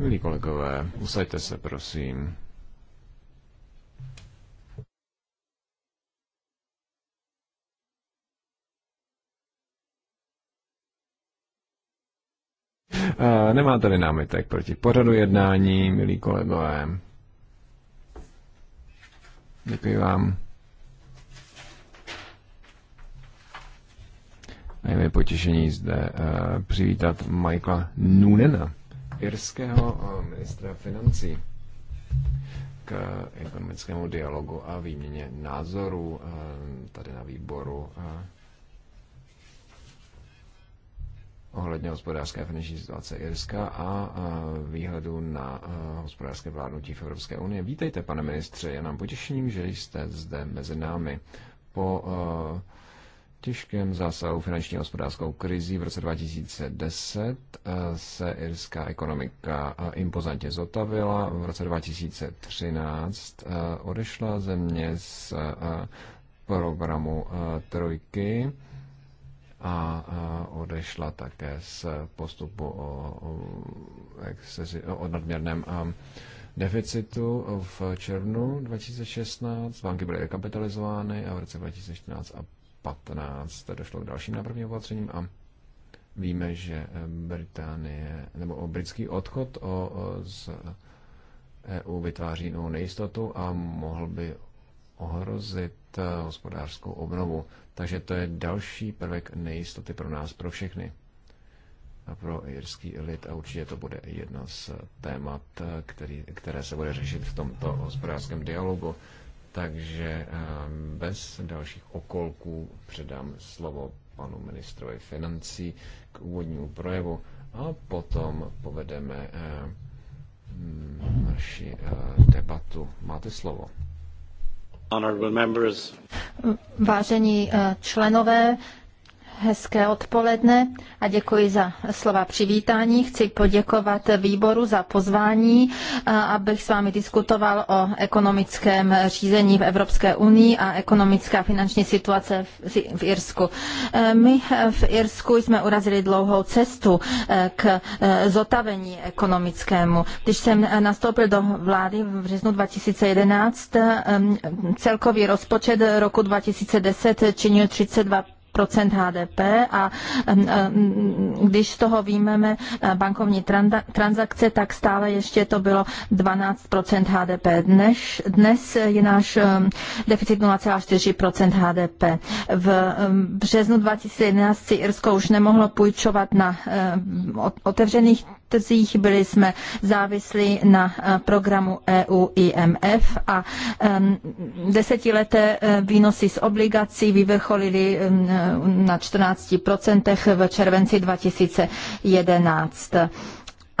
Milí kolegové, usaďte se, prosím. Uh, eh, nemáte-li námitek proti pořadu jednání, milí kolegové. Děkuji vám. A je mi potěšení zde eh, přivítat Michaela Noonena, irského eh, ministra financí k ekonomickému dialogu a výměně názorů eh, tady na výboru ohledně hospodářské a finanční situace Irska a výhledu na hospodářské vládnutí v Evropské unii. Vítejte, pane ministře, je nám potěšením, že jste zde mezi námi. Po těžkém zásahu finanční a hospodářskou krizi v roce 2010 eh, se irská ekonomika eh, impozantně zotavila. V roce 2013 eh, odešla země z programu Trojky a odešla také z postupu o, o, o nadměrném deficitu v červnu 2016. Banky byly rekapitalizovány a v roce 2014 a to došlo k dalším nápravným opatřením a víme, že eh, Británie, nebo o britský odchod o, z EU vytváří novou nejistotu a mohl by ohrozit eh, hospodářskou obnovu. Takže to je další prvek nejistoty pro nás, pro všechny a pro jirský lid a určitě to bude jedno z témat, eh, který, které se bude řešit v tomto hospodářském dialogu. Takže ehm, bez dalších okolků předám slovo panu ministrovi financí k úvodnímu projevu a potom povedeme ehm, naši eh, debatu. Máte slovo. Vážení eh, členové Hezké odpoledne a děkuji za slova přivítání. Chci poděkovat výboru za pozvání, abych s vámi diskutoval o ekonomickém řízení v Evropské unii a ekonomická finanční situace v Irsku. E, my v Irsku jsme urazili dlouhou cestu e, k e, zotavení ekonomickému. Když jsem nastoupil do vlády v březnu 2011, celkový rozpočet roku 2010 činil 32 procent HDP a když z toho výjmeme eh, bankovní transakce, tak stále ještě to bylo 12 HDP. Dnes, dnes je náš deficit 0,4 HDP. V březnu 2011 si Irsko už nemohlo půjčovat na otevřených trzích, byli jsme závislí na eh, programu EU IMF a desetileté eh, výnosy z obligací vyvrcholily na 14% v červenci 2011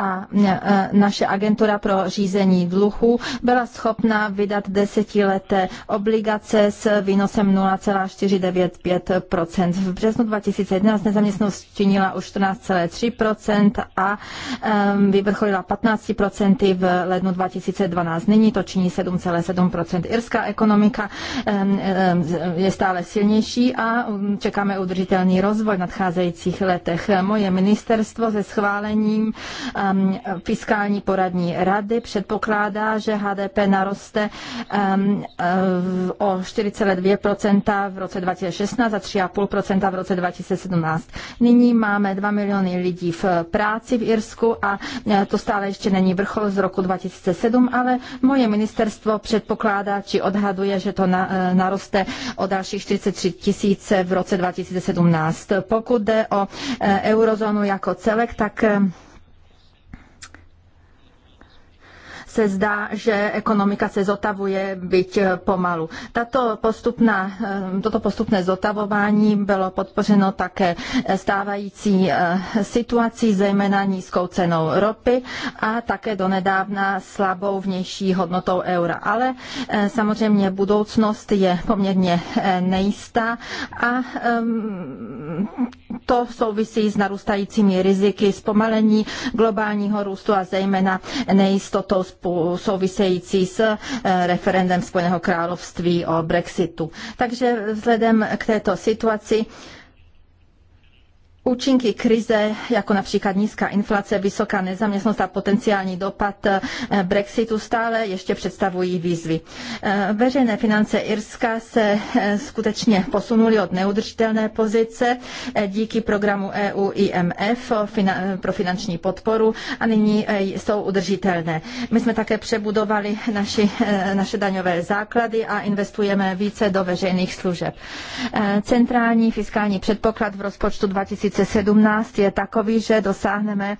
a e, naše agentura pro řízení dluhu byla schopna vydat desetileté obligace s výnosem 0,495%. V březnu 2011 nezaměstnost činila už 14,3% a vyvrcholila 15% v lednu 2012. Nyní to činí 7,7%. Irská ekonomika je stále silnější a čekáme udržitelný rozvoj v nadcházejících letech. Moje ministerstvo se schválením Um, fiskální poradní rady předpokládá, že HDP naroste um, uh, o 4,2% v roce 2016 a 3,5% v roce 2017. Nyní máme 2 miliony lidí v práci v Irsku a uh, to stále ještě není vrchol z roku 2007, ale moje ministerstvo předpokládá či odhaduje, že to uh, naroste o dalších 43 tisíce v roce 2017. Pokud jde o eurozónu jako celek, tak um, se zdá, že ekonomika se zotavuje, byť eh, pomalu. Tato postupná, eh, toto postupné zotavování bylo podpořeno také eh, stávající situací, zejména nízkou cenou ropy a také donedávna slabou vnější hodnotou eura. Ale samozřejmě budoucnost je poměrně nejistá a ehm, to souvisí s narůstajícími riziky zpomalení globálního růstu a zejména nejistotou související s eh, referendem Spojeného království o Brexitu. Takže vzhledem k této situaci Účinky krize, jako například nízká inflace, vysoká nezaměstnost a potenciální dopad eh, Brexitu stále ještě představují výzvy. Eh, veřejné finance Irska se eh, skutečně posunuly od neudržitelné pozice díky programu EU IMF pro finanční podporu a nyní jsou udržitelné. My jsme také přebudovali naši, naše daňové základy a investujeme více do veřejných služeb. Centrální fiskální předpoklad v rozpočtu 2020 2017 je takový, že dosáhneme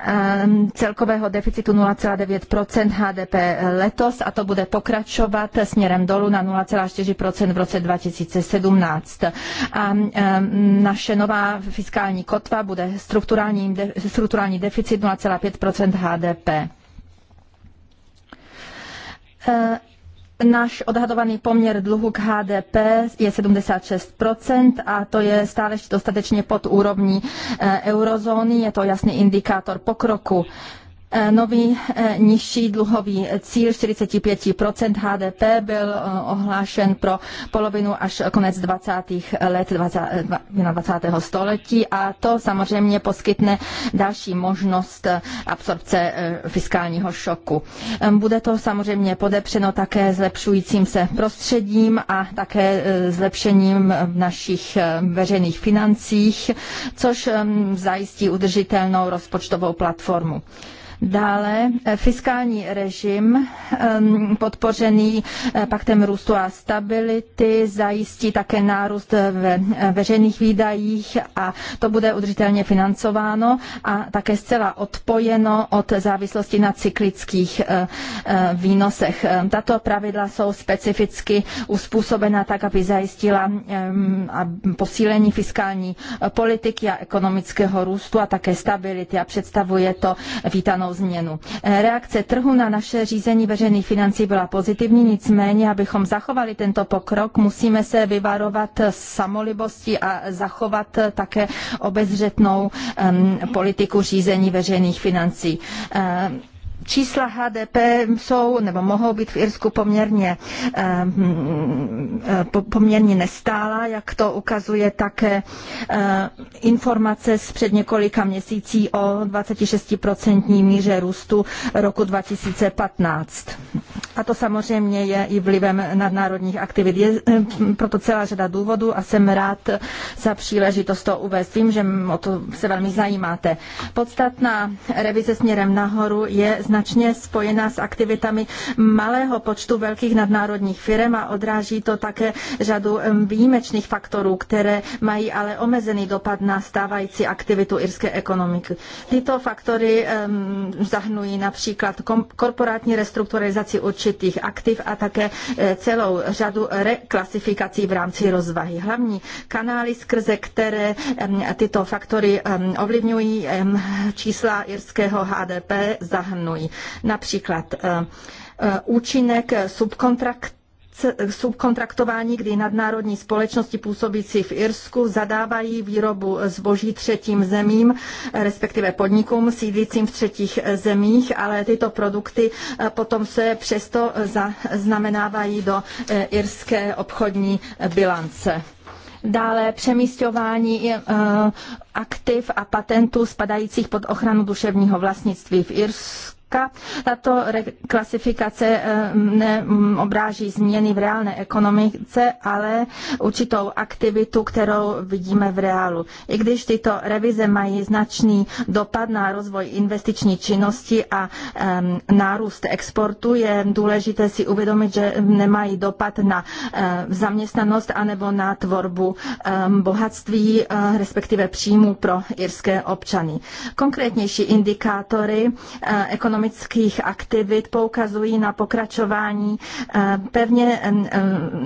ehm, celkového deficitu 0,9 HDP letos a to bude pokračovat směrem dolů na 0,4 v roce 2017. A ehm, naše nová fiskální kotva bude strukturální, strukturální deficit 0,5 HDP. Ehm, Náš odhadovaný poměr dluhu k HDP je 76% a to je stále ještě dostatečně pod úrovní eh, eurozóny. Je to jasný indikátor pokroku. Eh, nový eh, nižší dluhový cíl 45% HDP byl eh, ohlášen pro polovinu až konec 20. let 20. století a to samozřejmě poskytne další možnost absorpce fiskálního šoku. Bude to samozřejmě podepřeno také zlepšujícím se prostředím a také zlepšením v našich veřejných financích, což zajistí udržitelnou rozpočtovou platformu. Dále eh, fiskální režim ehm, podpořený eh, paktem růstu a stability zajistí také nárůst ve eh, veřejných výdajích a to bude udržitelně financováno a také zcela odpojeno od závislosti na cyklických výnosech. Ehm, tato pravidla jsou specificky uspůsobena tak, aby zajistila ehm, posílení fiskální politiky a ekonomického růstu a také stability a představuje to vítanou změnu. Eh, reakce trhu na naše řízení veřejných financí byla pozitivní, nicméně, abychom zachovali tento pokrok, musíme se vyvarovat samolibosti a zachovat také obezřetnou um, politiku řízení veřejných financí. Um, čísla HDP jsou nebo mohou být v Irsku poměrně, ehm, eh, poměrně nestála, jak to ukazuje také eh, informace z před několika měsící o 26% míře růstu roku 2015. A to samozřejmě je i vlivem nadnárodních aktivit. Je ehm, proto celá řada důvodů a jsem rád za příležitost to uvést. Vím, že o to se velmi zajímáte. Podstatná revize směrem nahoru je značně spojena s aktivitami malého počtu velkých nadnárodních firm a odráží to také řadu výjimečných faktorů, které mají ale omezený dopad na stávající aktivitu irské ekonomiky. Tyto faktory zahnují například korporátní restrukturalizaci určitých aktiv a také e, celou řadu reklasifikací v rámci rozvahy. Hlavní kanály, skrze které tyto faktory ovlivňují čísla irského HDP, zahrnují plynují. Například eh, eh, účinek subkontrakt subkontraktování, kdy nadnárodní společnosti působící v Irsku zadávají výrobu zboží třetím zemím, respektive podnikům sídlícím v třetích zemích, ale tyto produkty eh, potom se přesto zaznamenávají do irské obchodní bilance. Dále přemístování aktiv a patentů spadajících pod ochranu duševního vlastnictví v Irsku Česka. Tato klasifikace eh, neobráží změny v reálné ekonomice, ale určitou aktivitu, kterou vidíme v reálu. I když tyto revize mají značný dopad na rozvoj investiční činnosti a nárůst exportu, je důležité si uvědomit, že nemají dopad na eh, zaměstnanost anebo na tvorbu bohatství, eh, respektive příjmů pro irské občany. Konkrétnější indikátory ekonomické ekonomických aktivit poukazují na pokračování eh, pevně, eh, eh,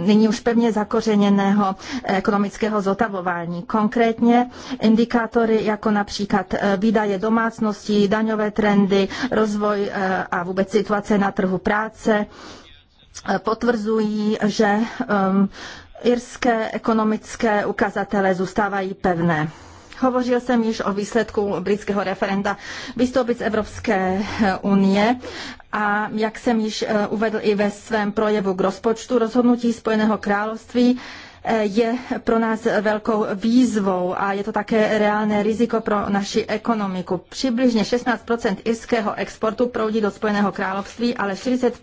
nyní už pevně zakořeněného ekonomického zotavování. Konkrétně indikátory jako například výdaje domácností, daňové trendy, rozvoj a vůbec situace na trhu práce potvrzují, že ehm, irské ekonomické ukazatele zůstávají pevné. Hovořil jsem již o výsledku britského referenda vystoupit z Evropské eh, unie a jak jsem již eh, uvedl i ve svém projevu k rozpočtu rozhodnutí Spojeného království, je pro nás velkou výzvou a je to také reálné riziko pro naši ekonomiku. Přibližně 16 irského exportu proudí do Spojeného království, ale 40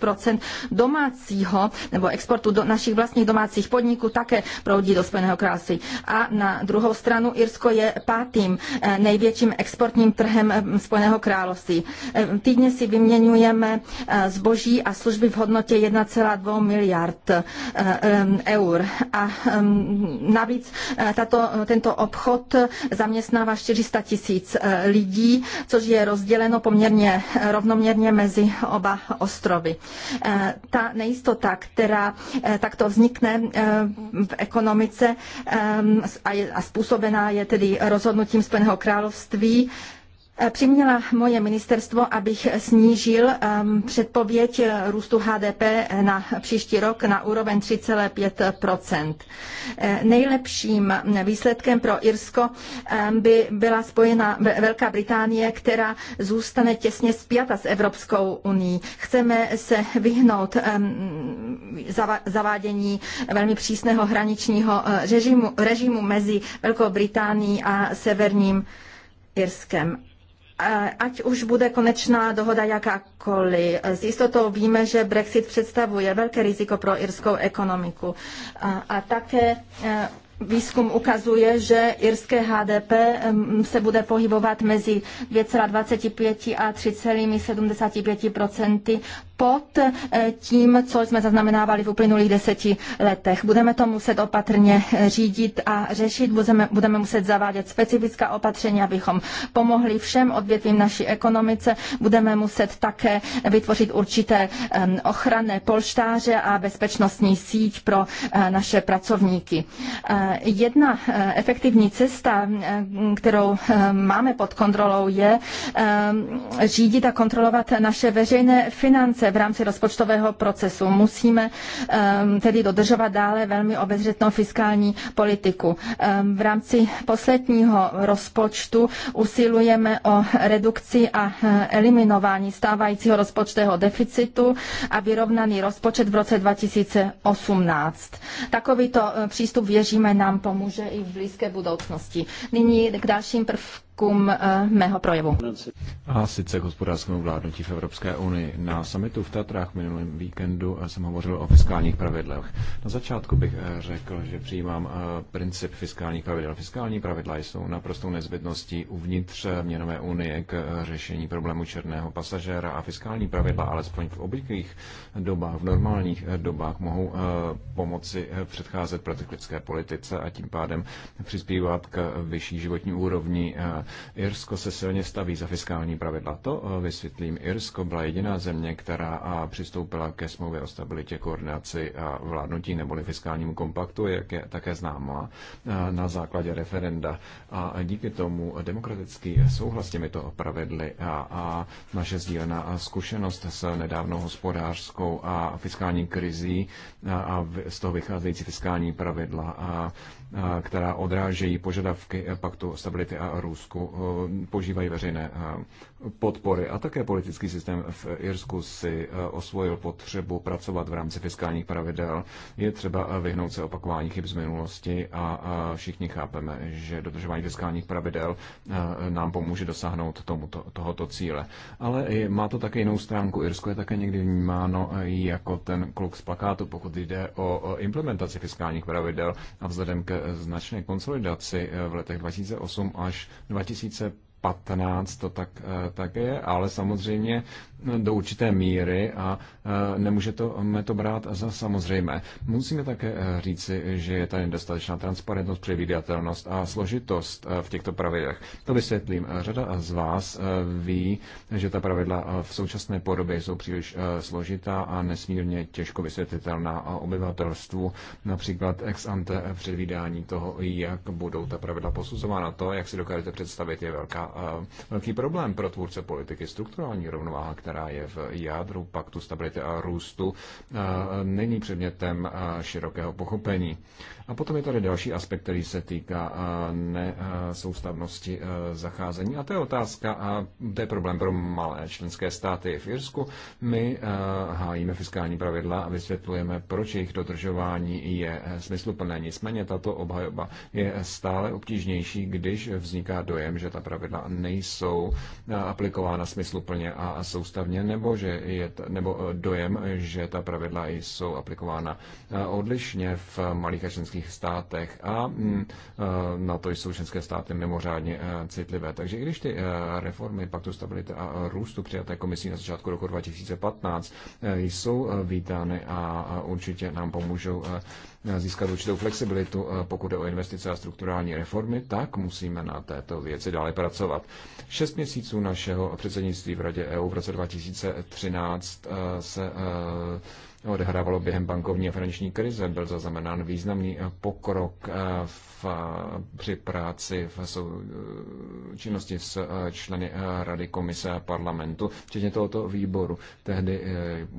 domácího nebo exportu do našich vlastních domácích podniků také proudí do Spojeného království. A na druhou stranu Irsko je pátým eh, největším exportním trhem eh, Spojeného království. Eh, týdně si vyměňujeme zboží a služby v hodnotě 1,2 miliard eur. A Ehm, navíc eh, tato, tento obchod zaměstnává 400 tisíc eh, lidí, což je rozděleno poměrně eh, rovnoměrně mezi oba ostrovy. Ta nejistota, která takto vznikne v ekonomice ehm, a, je, způsobená je tedy rozhodnutím Spojeného království, Eh, přiměla moje ministerstvo, abych snížil ehm, předpověď růstu HDP na příští rok na úroveň 3,5 eh, Nejlepším výsledkem pro Irsko ehm, by byla spojena Velká Británie, která zůstane těsně spjata s Evropskou uní. Chceme se vyhnout ehm, zavádění velmi přísného hraničního eh, režimu, režimu mezi Velkou Británií a Severním Irskem. Ať už bude konečná dohoda jakákoliv, s jistotou víme, že Brexit představuje velké riziko pro irskou ekonomiku. A, a také eh, Výzkum ukazuje, že irské HDP se bude pohybovat mezi 2,25 a 3,75 pod eh, tím, co jsme zaznamenávali v uplynulých deseti letech. Budeme to muset opatrně eh, řídit a řešit, budeme, budeme muset zavádět specifická opatření, abychom pomohli všem odvětvím naší ekonomice, budeme muset také vytvořit určité ochranné polštáře a bezpečnostní síť pro eh, naše pracovníky Jedna eh, efektivní cesta, eh, kterou eh, máme pod kontrolou, je řídit a kontrolovat naše veřejné finance v rámci rozpočtového procesu. Musíme tedy dodržovat dále velmi obezřetnou fiskální politiku. V rámci posledního rozpočtu usilujeme o redukci a eliminování stávajícího rozpočtového deficitu a vyrovnaný rozpočet v roce 2018. Takovýto přístup věříme nám pomůže i v blízké budoucnosti. Nyní k dalším prvkům celkem eh, mého projevu. A sice k hospodářskému vládnutí v Evropské unii. Na summitu v Tatrách minulém víkendu eh, jsem hovořil o fiskálních pravidlech. Na začátku bych eh, řekl, že přijímám princip fiskálních pravidel. Fiskální pravidla jsou naprostou nezbytností uvnitř měnové unie k řešení problému černého pasažéra a fiskální pravidla, alespoň v obvyklých dobách, v normálních dobách, mohou pomoci předcházet praktické politice a tím pádem přispívat k vyšší životní úrovni Irsko se silně staví za fiskální pravidla. To eh, vysvětlím. Irsko byla jediná země, která eh, přistoupila ke smlouvě o stabilitě, koordinaci a vládnutí neboli fiskálnímu kompaktu, jak je také známá, eh, na základě referenda. A díky tomu demokratický souhlas s těmito pravidly a, a naše sdílená zkušenost s nedávnou hospodářskou a fiskální krizí a, a z toho vycházející fiskální pravidla a která odrážejí požadavky paktu stability a Rusku, požívají veřejné podpory a také politický systém v Irsku si eh, osvojil potřebu pracovat v rámci fiskálních pravidel. Je třeba eh, vyhnout se opakování chyb z minulosti a eh, všichni chápeme, že dodržování fiskálních pravidel nám pomůže dosáhnout tomuto, tohoto cíle. Ale má to také jinou stránku. Irsko je také někdy vnímáno jako ten kluk z plakátu, pokud jde o implementaci fiskálních pravidel a vzhledem ke značné konsolidaci v letech 2008 až 2000 15 to tak, eh, tak je, ale samozřejmě do určité míry a e, nemůžeme to, to brát za samozřejmé. Musíme také e, říci, že je tady nedostatečná transparentnost, předvídatelnost a složitost e, v těchto pravidlech. To vysvětlím. Řada z vás ví, že ta pravidla v současné podobě jsou příliš složitá a nesmírně těžko vysvětlitelná obyvatelstvu. Například ex ante předvídání toho, jak budou ta pravidla posuzována. To, jak si dokážete představit, je velká, velký problém pro tvůrce politiky, strukturální rovnováha, která která je v jádru paktu stability a růstu, není předmětem širokého pochopení. A potom je tady další aspekt, který se týká nesoustavnosti zacházení. A to je otázka, a to je problém pro malé členské státy v Irsku. My hájíme fiskální pravidla a vysvětlujeme, proč jejich dodržování je smysluplné. Nicméně tato obhajoba je stále obtížnější, když vzniká dojem, že ta pravidla nejsou aplikována smysluplně a soustavně, nebo, že je, nebo e, dojem, že ta pravidla jsou aplikována odlišně v malých a členských členských státech a mm, eh, na to jsou členské státy mimořádně eh, citlivé. Takže i když ty eh, reformy Paktu stability a růstu přijaté komisí na začátku roku 2015 jsou vítány a určitě nám pomůžou získat určitou flexibilitu, pokud je o investice a strukturální reformy, tak musíme na této věci dále pracovat. Šest měsíců našeho předsednictví v Radě EU v roce 2013 se odehrávalo během bankovní a finanční krize. Byl zaznamenán významný pokrok eh, v při práci v sou, eh, činnosti s eh, členy eh, Rady Komise a parlamentu, včetně tohoto výboru. Tehdy,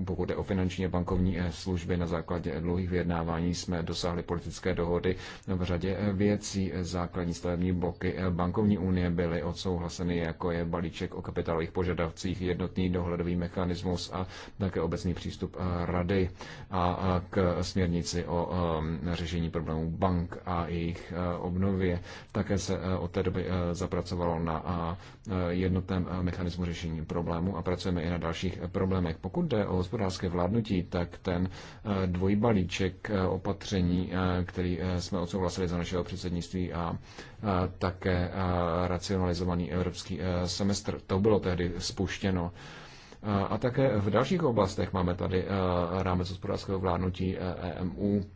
pokud je o finanční a bankovní služby, na základě dlouhých vyjednávání jsme dosáhli politické dohody v řadě věcí. Základní stavební bloky bankovní unie byly odsouhlaseny, jako je balíček o kapitálových požadavcích, jednotný dohledový mechanismus a také obecný přístup Rady a k směrnici o řešení problémů bank a jejich Eh, obnově. Také se eh, od té doby eh, zapracovalo na jednotném mechanismu řešení problému a pracujeme i na dalších problémech. Pokud jde o hospodářské vládnutí, tak ten dvojbalíček opatření, který jsme odsouhlasili za našeho předsednictví a také racionalizovaný evropský semestr, to bylo tehdy spuštěno. A také v dalších oblastech máme tady rámec hospodářského vládnutí EMU, e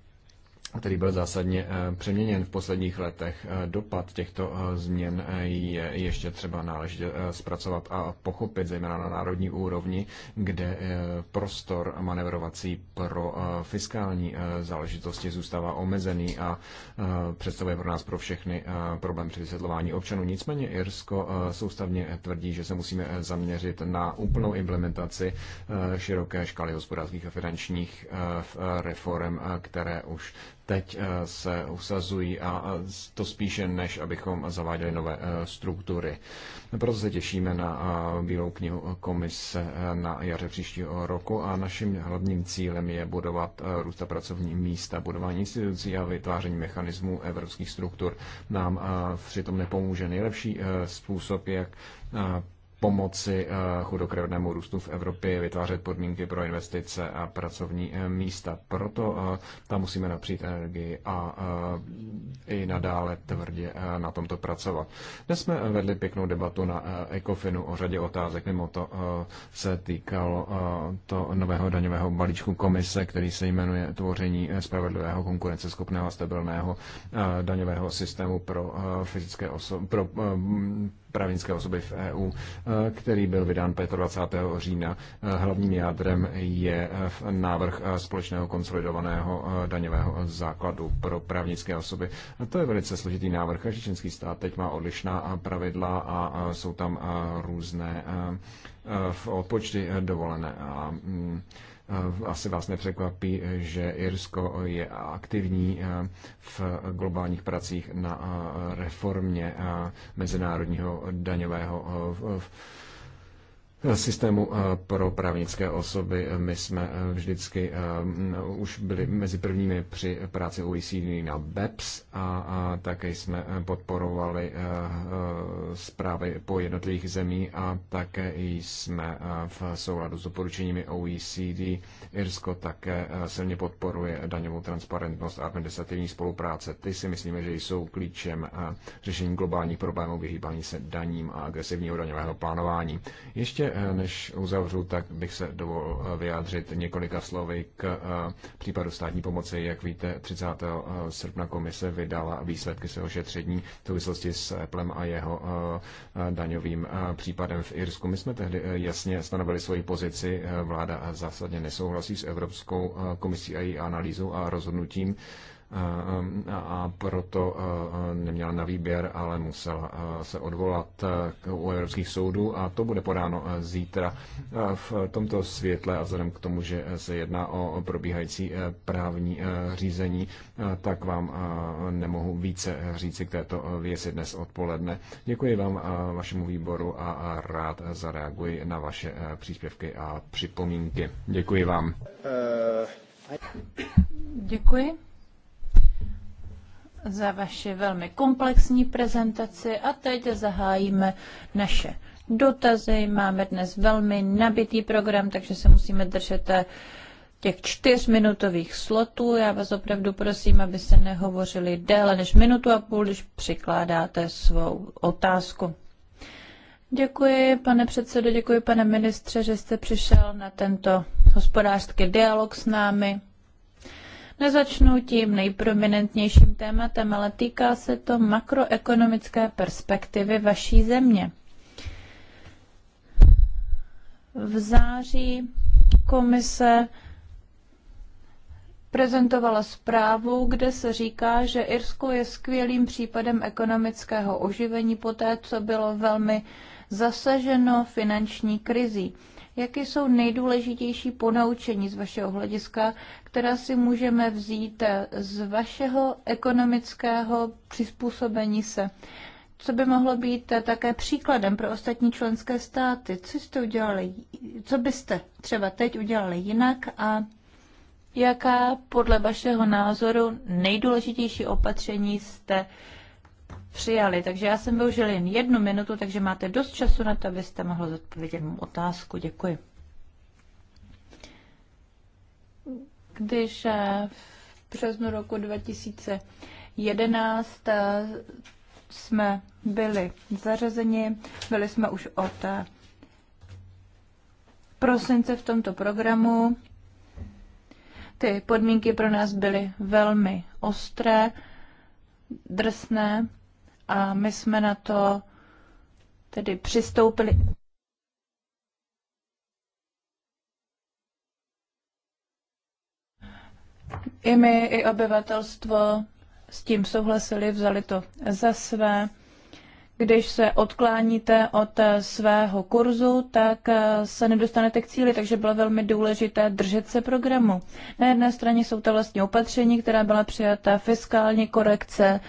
který byl zásadně eh, přeměněn v posledních letech. Eh, dopad těchto eh, změn je ještě třeba náležitě zpracovat a pochopit, zejména na národní úrovni, kde prostor manevrovací pro fiskální záležitosti zůstává omezený a představuje pro nás pro všechny problém při vysvětlování občanů. Nicméně Irsko soustavně tvrdí, že se musíme zaměřit na úplnou implementaci široké škály hospodářských a finančních reform, které už teď eh, se usazují a to spíše než abychom zaváděli nové eh, struktury. Proto se těšíme na eh, Bílou knihu komise na jaře příštího roku a naším hlavním cílem je budovat růsta pracovní místa, budování institucí a vytváření mechanismů evropských struktur. Nám přitom nepomůže nejlepší způsob, jak pomoci eh, chudokrevnému růstu v Evropě, vytvářet podmínky pro investice a pracovní eh, místa. Proto eh, tam musíme napřít energii a i nadále tvrdě na tomto pracovat. Dnes jsme vedli pěknou debatu na ECOFINu o řadě otázek, mimo to se týkalo to nového daňového balíčku komise, který se jmenuje Tvoření spravedlivého, konkurenceschopného a stabilného daňového systému pro fyzické osoby, pro právnické osoby v EU, eh, který byl vydán 25. října. Eh, hlavním jádrem je eh, návrh společného konsolidovaného daňového základu pro právnické osoby. To je velice složitý návrh. Každý členský stát teď má odlišná pravidla a jsou tam různé v odpočty dovolené. A mm, Eh, asi vás nepřekvapí, eh, že Irsko je aktivní eh, v globálních pracích na reformě mezinárodního daňového v systému eh, pro právnické osoby. My jsme eh, vždycky eh, už byli mezi prvními při práci OECD na BEPS a také jsme podporovali zprávy po jednotlivých zemí a také jsme v souladu s doporučeními OECD. Irsko také silně podporuje daňovou transparentnost a administrativní spolupráce. Ty si myslíme, že jsou klíčem řešení globálních problémů vyhýbání se daním a agresivního daňového plánování. Ještě než uzavřu, tak bych se dovolil eh, vyjádřit několika slovy k eh, případu státní pomoci. Jak víte, 30. Eh, srpna komise vydala výsledky svého šetření v souvislosti s Eplem a jeho daňovým případem v Irsku. My jsme tehdy jasně stanovili svoji pozici. Vláda zásadně nesouhlasí s Evropskou komisí a její analýzou a rozhodnutím a proto neměla na výběr, ale musela se odvolat u evropských soudů a to bude podáno zítra v tomto světle a vzhledem k tomu, že se jedná o probíhající právní řízení, tak vám nemohu více říci k této věci dnes odpoledne. Děkuji vám vašemu výboru a rád zareaguji na vaše příspěvky a připomínky. Děkuji vám. Eh. Děkuji za vaši velmi komplexní prezentaci a teď zahájíme naše dotazy. Máme dnes velmi nabitý program, takže se musíme držet těch čtyřminutových slotů. Já vás opravdu prosím, aby se nehovořili déle než minutu a půl, když přikládáte svou otázku. Děkuji, pane předsedo, děkuji, pane ministře, že jste přišel na tento hospodářský dialog s námi. Nezačnu tím nejprominentnějším tématem, ale týká se to makroekonomické perspektivy vaší země. V září komise prezentovala zprávu, kde se říká, že Irsko je skvělým případem ekonomického oživení poté, co bylo velmi zasaženo finanční krizí. Jaké jsou nejdůležitější ponaučení z vašeho hlediska, která si můžeme vzít z vašeho ekonomického přizpůsobení se? Co by mohlo být také příkladem pro ostatní členské státy? Co jste udělali, co byste třeba teď udělali jinak a jaká podle vašeho názoru nejdůležitější opatření jste uh, přijali. Takže já jsem využil jen jednu minutu, takže máte dost času na to, abyste mohl zodpovědět mou otázku. Děkuji. Když eh, v březnu roku 2011 eh, jsme byli zařazeni, byli jsme už od eh, prosince v tomto programu. Ty podmínky pro nás byly velmi ostré, drsné a my jsme na to tedy přistoupili. I my, i obyvatelstvo s tím souhlasili, vzali to za své. Když se odkláníte od svého kurzu, tak se nedostanete k cíli, takže bylo velmi důležité držet se programu. Na jedné straně jsou to vlastně opatření, která byla přijata, fiskální korekce,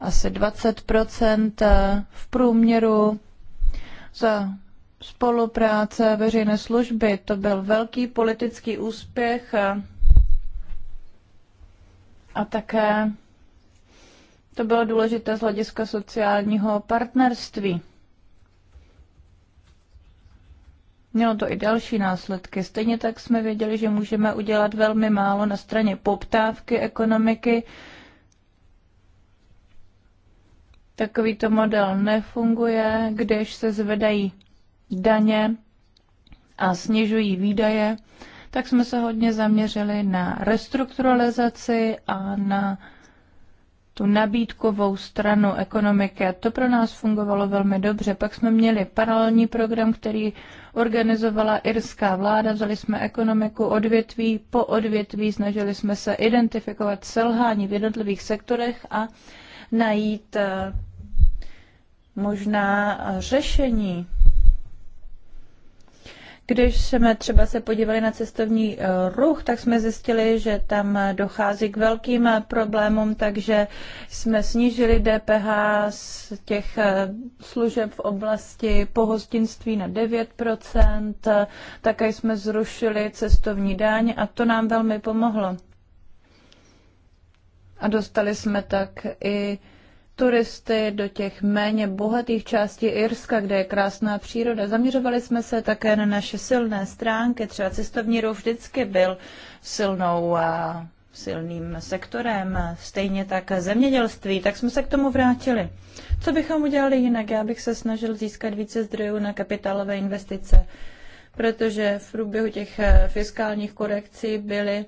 asi 20 eh, v průměru za spolupráce veřejné služby. To byl velký politický úspěch eh, a také to bylo důležité z hlediska sociálního partnerství. Mělo to i další následky. Stejně tak jsme věděli, že můžeme udělat velmi málo na straně poptávky ekonomiky, Takovýto model nefunguje, když se zvedají daně a snižují výdaje, tak jsme se hodně zaměřili na restrukturalizaci a na tu nabídkovou stranu ekonomiky. A to pro nás fungovalo velmi dobře. Pak jsme měli paralelní program, který organizovala irská vláda. Vzali jsme ekonomiku odvětví po odvětví, snažili jsme se identifikovat selhání v jednotlivých sektorech a najít eh, možná řešení. Když jsme třeba se podívali na cestovní eh, ruch, tak jsme zjistili, že tam dochází k velkým eh, problémům, takže jsme snížili DPH z těch eh, služeb v oblasti pohostinství na 9%, také jsme zrušili cestovní daň a to nám velmi pomohlo. A dostali jsme tak i turisty do těch méně bohatých částí Irska, kde je krásná příroda. Zaměřovali jsme se také na naše silné stránky. Třeba cestovní ruch vždycky byl silnou a silným sektorem, stejně tak zemědělství, tak jsme se k tomu vrátili. Co bychom udělali jinak? Já bych se snažil získat více zdrojů na kapitálové investice, protože v průběhu těch eh, fiskálních korekcí byly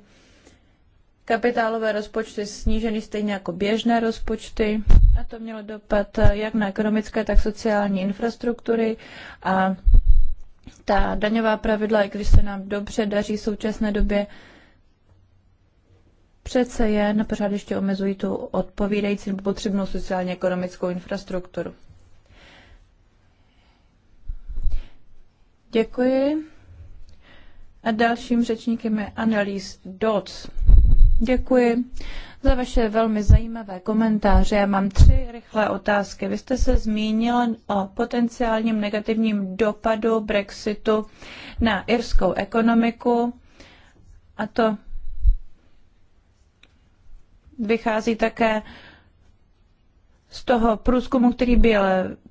kapitálové rozpočty sníženy stejně jako běžné rozpočty. A to mělo dopad eh, jak na ekonomické, tak sociální infrastruktury a ta daňová pravidla, i když se nám dobře daří v současné době, přece jen pořád ještě omezují tu odpovídající nebo potřebnou sociálně ekonomickou infrastrukturu. Děkuji. A dalším řečníkem je Annelies Dodds. Děkuji za vaše velmi zajímavé komentáře. Já mám tři rychlé otázky. Vy jste se zmínil o potenciálním negativním dopadu Brexitu na irskou ekonomiku a to vychází také z toho průzkumu, který byl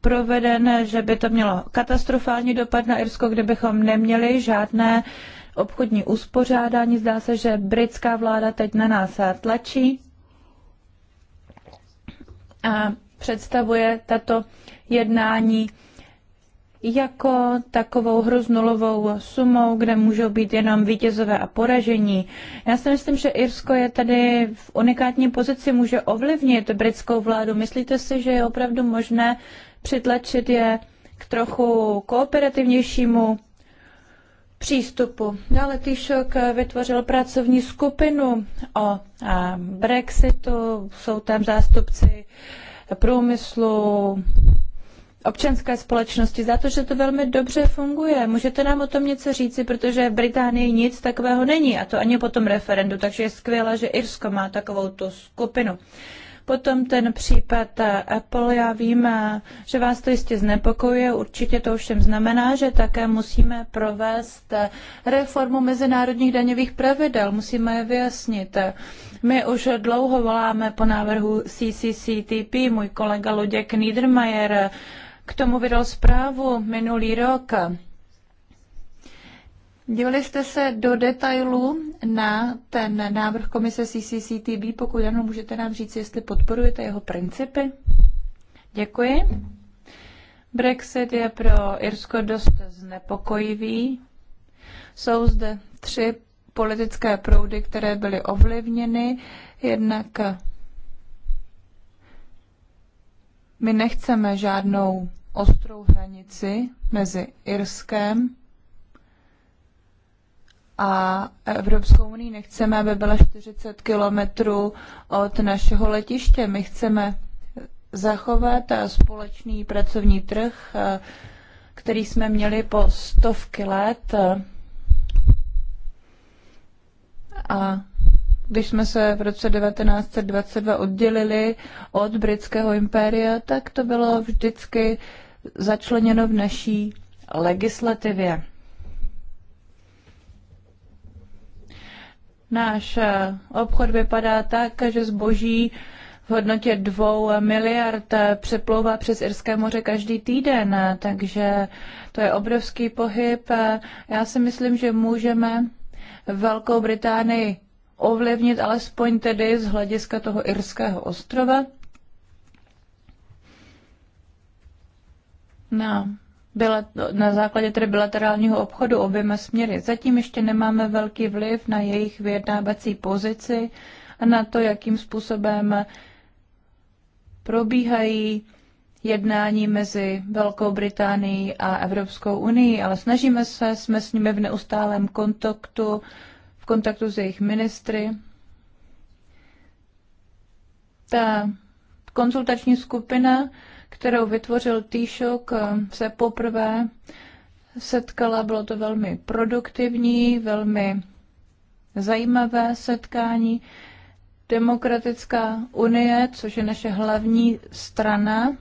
proveden, že by to mělo katastrofální dopad na Irsko, kdybychom neměli žádné uh, obchodní uspořádání. Zdá se, že britská vláda teď na nás tlačí a představuje tato jednání jako takovou hroznulovou sumou, kde můžou být jenom vítězové a poražení. Já si myslím, že Irsko je tady v unikátní pozici, může ovlivnit britskou vládu. Myslíte si, že je opravdu možné přitlačit je k trochu kooperativnějšímu přístupu. Dále Taoiseach vytvořil pracovní skupinu o Brexitu. Jsou tam zástupci průmyslu, občanské společnosti za to, že to velmi dobře funguje. Můžete nám o tom něco říci, protože v Británii nic takového není a to ani po tom referendu, takže je skvělé, že Irsko má takovou tu skupinu. Potom ten případ eh, Apple, já vím, eh, že vás to jistě znepokojuje, určitě to ovšem znamená, že také musíme provést eh, reformu mezinárodních daňových pravidel, musíme je vyjasnit. My už dlouho voláme po návrhu CCCTP, můj kolega Luděk Niedermayer k tomu vydal zprávu minulý rok. Dívali jste se do detailů na ten návrh komise CCCTB? Pokud ano, můžete nám říct, jestli podporujete jeho principy? Děkuji. Brexit je pro Irsko dost znepokojivý. Jsou zde tři politické proudy, které byly ovlivněny. Jednak my nechceme žádnou ostrou hranici mezi Irskem a Evropskou unii nechceme, aby byla 40 kilometrů od našeho letiště. My chceme zachovat společný pracovní trh, který jsme měli po stovky let. A když jsme se v roce 1922 oddělili od britského impéria, tak to bylo vždycky začleněno v naší legislativě. náš eh, obchod vypadá tak, že zboží v hodnotě dvou miliard eh, přeplouvá přes Irské moře každý týden, eh, takže to je obrovský pohyb. Já si myslím, že můžeme Velkou Británii ovlivnit alespoň tedy z hlediska toho irského ostrova. No, na základě tedy bilaterálního obchodu oběma směry. Zatím ještě nemáme velký vliv na jejich vyjednávací pozici a na to, jakým způsobem probíhají jednání mezi Velkou Británií a Evropskou unii, ale snažíme se, jsme s nimi v neustálém kontaktu, v kontaktu s jejich ministry. Ta konzultační skupina kterou vytvořil Týšok, eh, se poprvé setkala. Bylo to velmi produktivní, velmi zajímavé setkání. Demokratická unie, což je naše hlavní strana,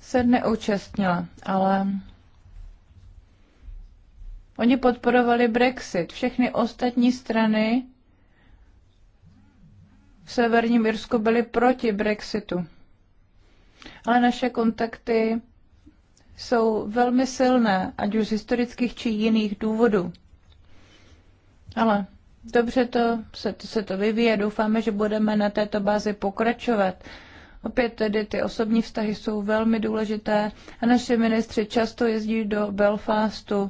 se neúčastnila, ale oni podporovali Brexit. Všechny ostatní strany v Severním Irsku byli proti Brexitu. Ale naše kontakty jsou velmi silné, ať už z historických či jiných důvodů. Ale dobře to se, to se to vyvíje, doufáme, že budeme na této bázi pokračovat. Opět tedy ty osobní vztahy jsou velmi důležité a naše ministři často jezdí do Belfastu.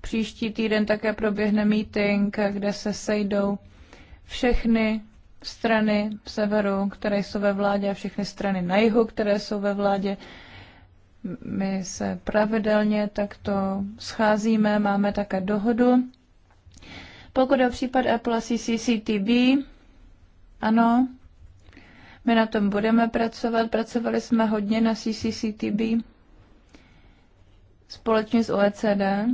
Příští týden také proběhne meeting, kde se sejdou všechny strany severu, které jsou ve vládě, a všechny strany na jihu, které jsou ve vládě. My se pravidelně takto scházíme, máme také dohodu. Pokud je případ Apple CCTV, ano, my na tom budeme pracovat. Pracovali jsme hodně na CCCTB společně s OECD.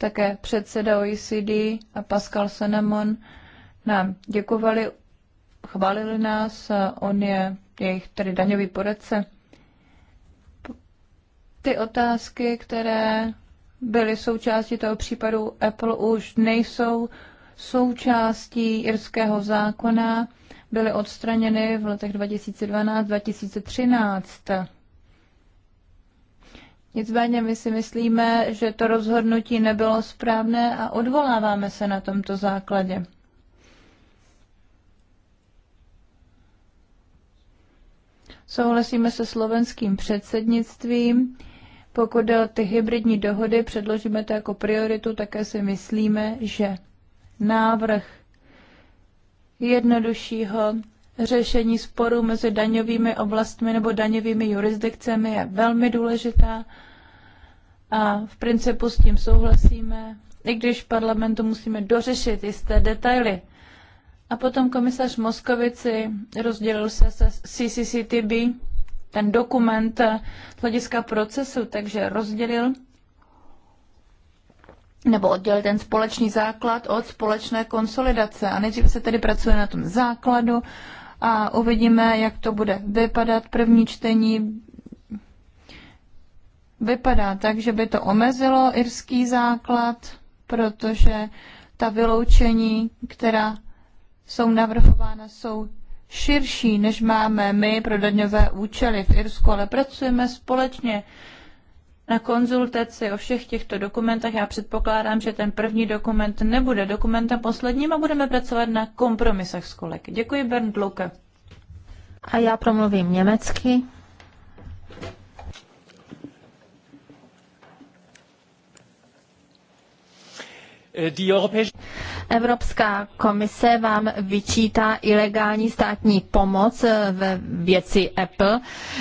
také předseda OECD a Pascal Senemon nám děkovali, chválili nás, on je jejich tedy daňový poradce. Ty otázky, které byly součástí toho případu Apple, už nejsou součástí irského zákona, byly odstraněny v letech 2012-2013. Nicméně my si myslíme, že to rozhodnutí nebylo správné a odvoláváme se na tomto základě. Souhlasíme se slovenským předsednictvím. Pokud jde o ty hybridní dohody, předložíme to jako prioritu, také si myslíme, že návrh jednoduššího řešení sporů mezi daňovými oblastmi nebo daňovými jurisdikcemi je velmi důležitá a v principu s tím souhlasíme, i když v parlamentu musíme dořešit jisté detaily. A potom komisař Moskovici rozdělil se se CCCTB, ten dokument z hlediska procesu, takže rozdělil nebo oddělil ten společný základ od společné konsolidace. A nejdříve se tedy pracuje na tom základu a uvidíme, jak to bude vypadat. První čtení vypadá tak, že by to omezilo irský základ, protože ta vyloučení, která jsou navrhována, jsou širší, než máme my pro daňové účely v Irsku, ale pracujeme společně na konzultaci o všech těchto dokumentech. Já předpokládám, že ten první dokument nebude dokumentem posledním a budeme pracovat na kompromisech s kolegy. Děkuji Bernd Luke. A já promluvím německy. Eh, Evropská komise vám vyčítá ilegální státní pomoc eh, ve věci Apple.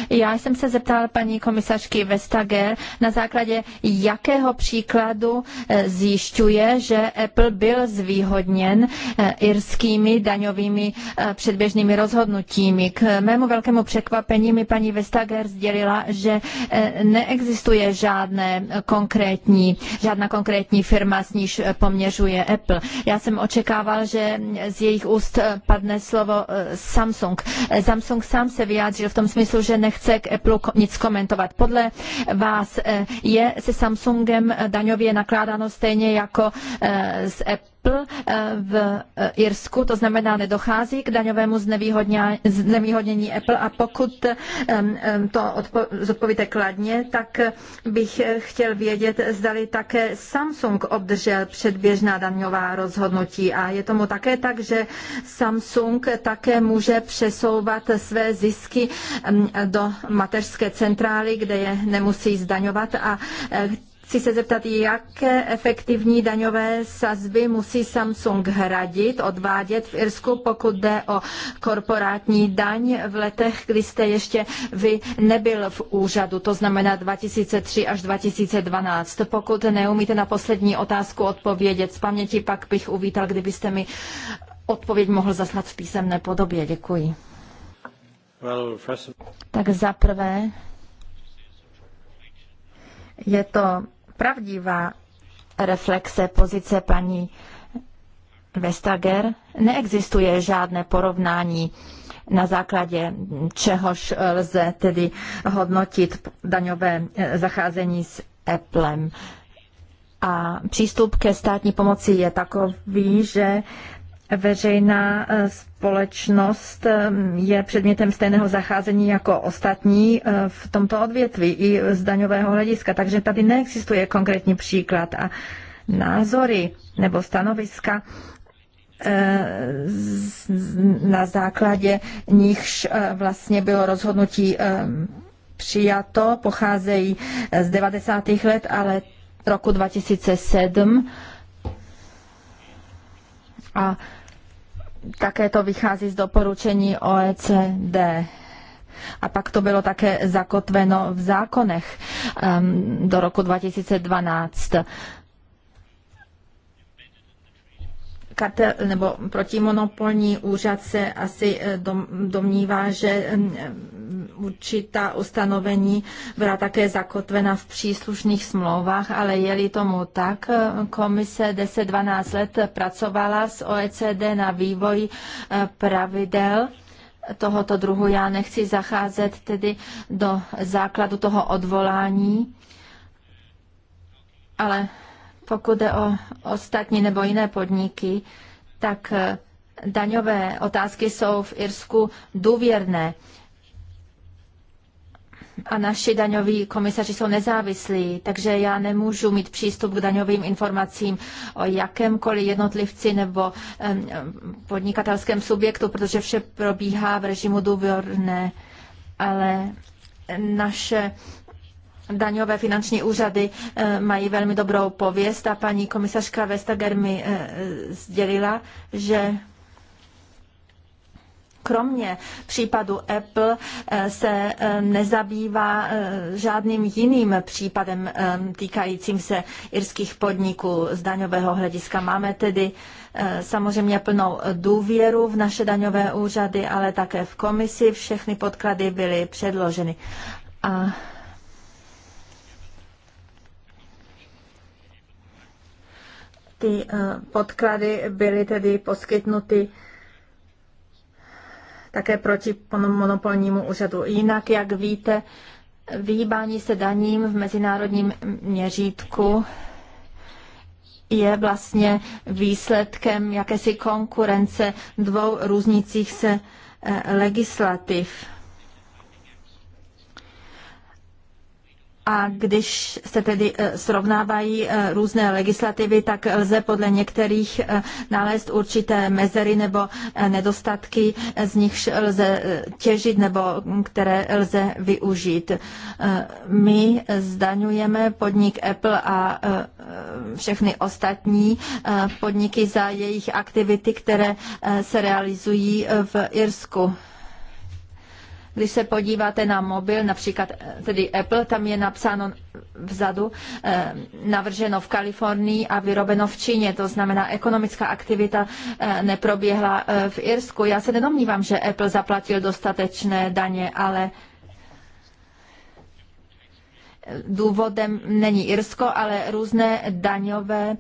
Já jsem se zeptal paní komisařky Vestager, na základě jakého příkladu eh, zjišťuje, že Apple byl zvýhodněn irskými daňovými předběžnými rozhodnutími. K mému velkému překvapení mi paní Vestager sdělila, že neexistuje žádné konkrétní, žádná konkrétní firma, s níž poměřuje Apple. Já jsem očekával, že z jejich úst eh, padne slovo eh, Samsung. Eh, Samsung sám se vyjádřil v tom smyslu, že nechce k Apple nic komentovat. Podle vás je se Samsungem daňově nakládáno stejně jako s Apple? vznikl eh, v eh, Irsku, to znamená, nedochází k daňovému znevýhodnění Apple a pokud eh, to zodpovíte kladně, tak bych chtěl vědět, zdali také Samsung obdržel předběžná daňová rozhodnutí a je tomu také tak, že Samsung také může přesouvat své zisky mm, do mateřské centrály, kde je nemusí zdaňovat a Chci se zeptat, jaké efektivní daňové sazby musí Samsung hradit, odvádět v Irsku, pokud jde o korporátní daň v letech, kdy jste ještě vy nebyl v úřadu, to znamená 2003 až 2012. Pokud neumíte na poslední otázku odpovědět z paměti, pak bych uvítal, kdybyste mi odpověď mohl zaslat v písemné podobě. Děkuji. Tak za prvé je to pravdivá reflexe pozice paní Vestager. Neexistuje žádné porovnání na základě čehož lze tedy hodnotit daňové eh, zacházení s Applem. A přístup ke státní pomoci je takový, že veřejná eh, společnost eh, je předmětem stejného zacházení jako ostatní eh, v tomto odvětví i z daňového hlediska. Takže tady neexistuje konkrétní příklad a názory nebo stanoviska na základě nichž vlastně bylo rozhodnutí přijato, pocházejí z 90. let, ale roku 2007 a také to vychází z doporučení OECD. A pak to bylo také zakotveno v zákonech um, do roku 2012. kartel nebo protimonopolní úřad se asi eh, domnívá, že mm, eh, určitá ustanovení byla také zakotvena v příslušných smlouvách, ale je-li tomu tak, eh, komise 10-12 let pracovala s OECD na vývoji pravidel tohoto druhu. Já nechci zacházet tedy do základu toho odvolání, ale pokud jde o ostatní nebo jiné podniky, tak eh, daňové otázky jsou v Irsku důvěrné a naši daňoví komisaři jsou nezávislí, takže já nemůžu mít přístup k daňovým informacím o jakémkoliv jednotlivci nebo podnikatelském subjektu, protože vše probíhá v režimu důvěrné, ale naše daňové finanční úřady eh, mají velmi dobrou pověst a paní komisařka Vestager mi eh, sdělila, že kromě případu Apple eh, se nezabývá žádným jiným případem týkajícím se irských podniků z daňového hlediska. Máme tedy samozřejmě plnou důvěru v naše daňové úřady, ale také v komisi. Všechny podklady byly předloženy. A Ty eh, podklady byly tedy poskytnuty také proti monopolnímu úřadu. Jinak, jak víte, vyhýbání se daním v mezinárodním měřítku je vlastně výsledkem jakési konkurence dvou různících se eh, legislativ. A když se tedy e, srovnávají e, různé legislativy, tak lze podle některých e, nalézt určité mezery nebo nedostatky, z nichž lze těžit nebo které lze využít. My zdaňujeme podnik Apple a všechny ostatní podniky za jejich aktivity, které se realizují v Irsku. Když se podíváte na mobil, například eh, tedy Apple, tam je napsáno vzadu, eh, navrženo v Kalifornii a vyrobeno v Číně. To znamená, ekonomická aktivita eh, neproběhla v Irsku. Já se nedomnívám, že Apple zaplatil dostatečné daně, ale důvodem není Irsko, ale různé daňové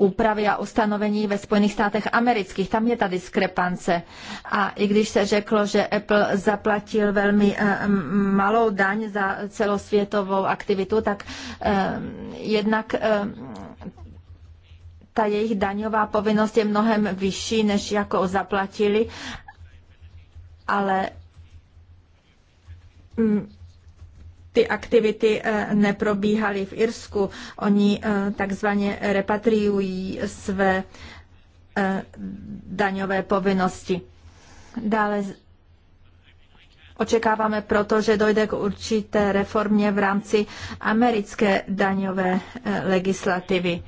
úpravy a ustanovení ve Spojených státech amerických. Tam je ta diskrepance. A i když se řeklo, že Apple zaplatil velmi eh, malou daň za celosvětovou aktivitu, tak eh, jednak eh, ta jejich daňová povinnost je mnohem vyšší, než jako zaplatili, ale mm, ty aktivity eh, neprobíhaly v Irsku. Oni eh, takzvaně repatriují své eh, daňové povinnosti. Dále Očekáváme proto, že dojde k určité reformě v rámci americké daňové legislativy.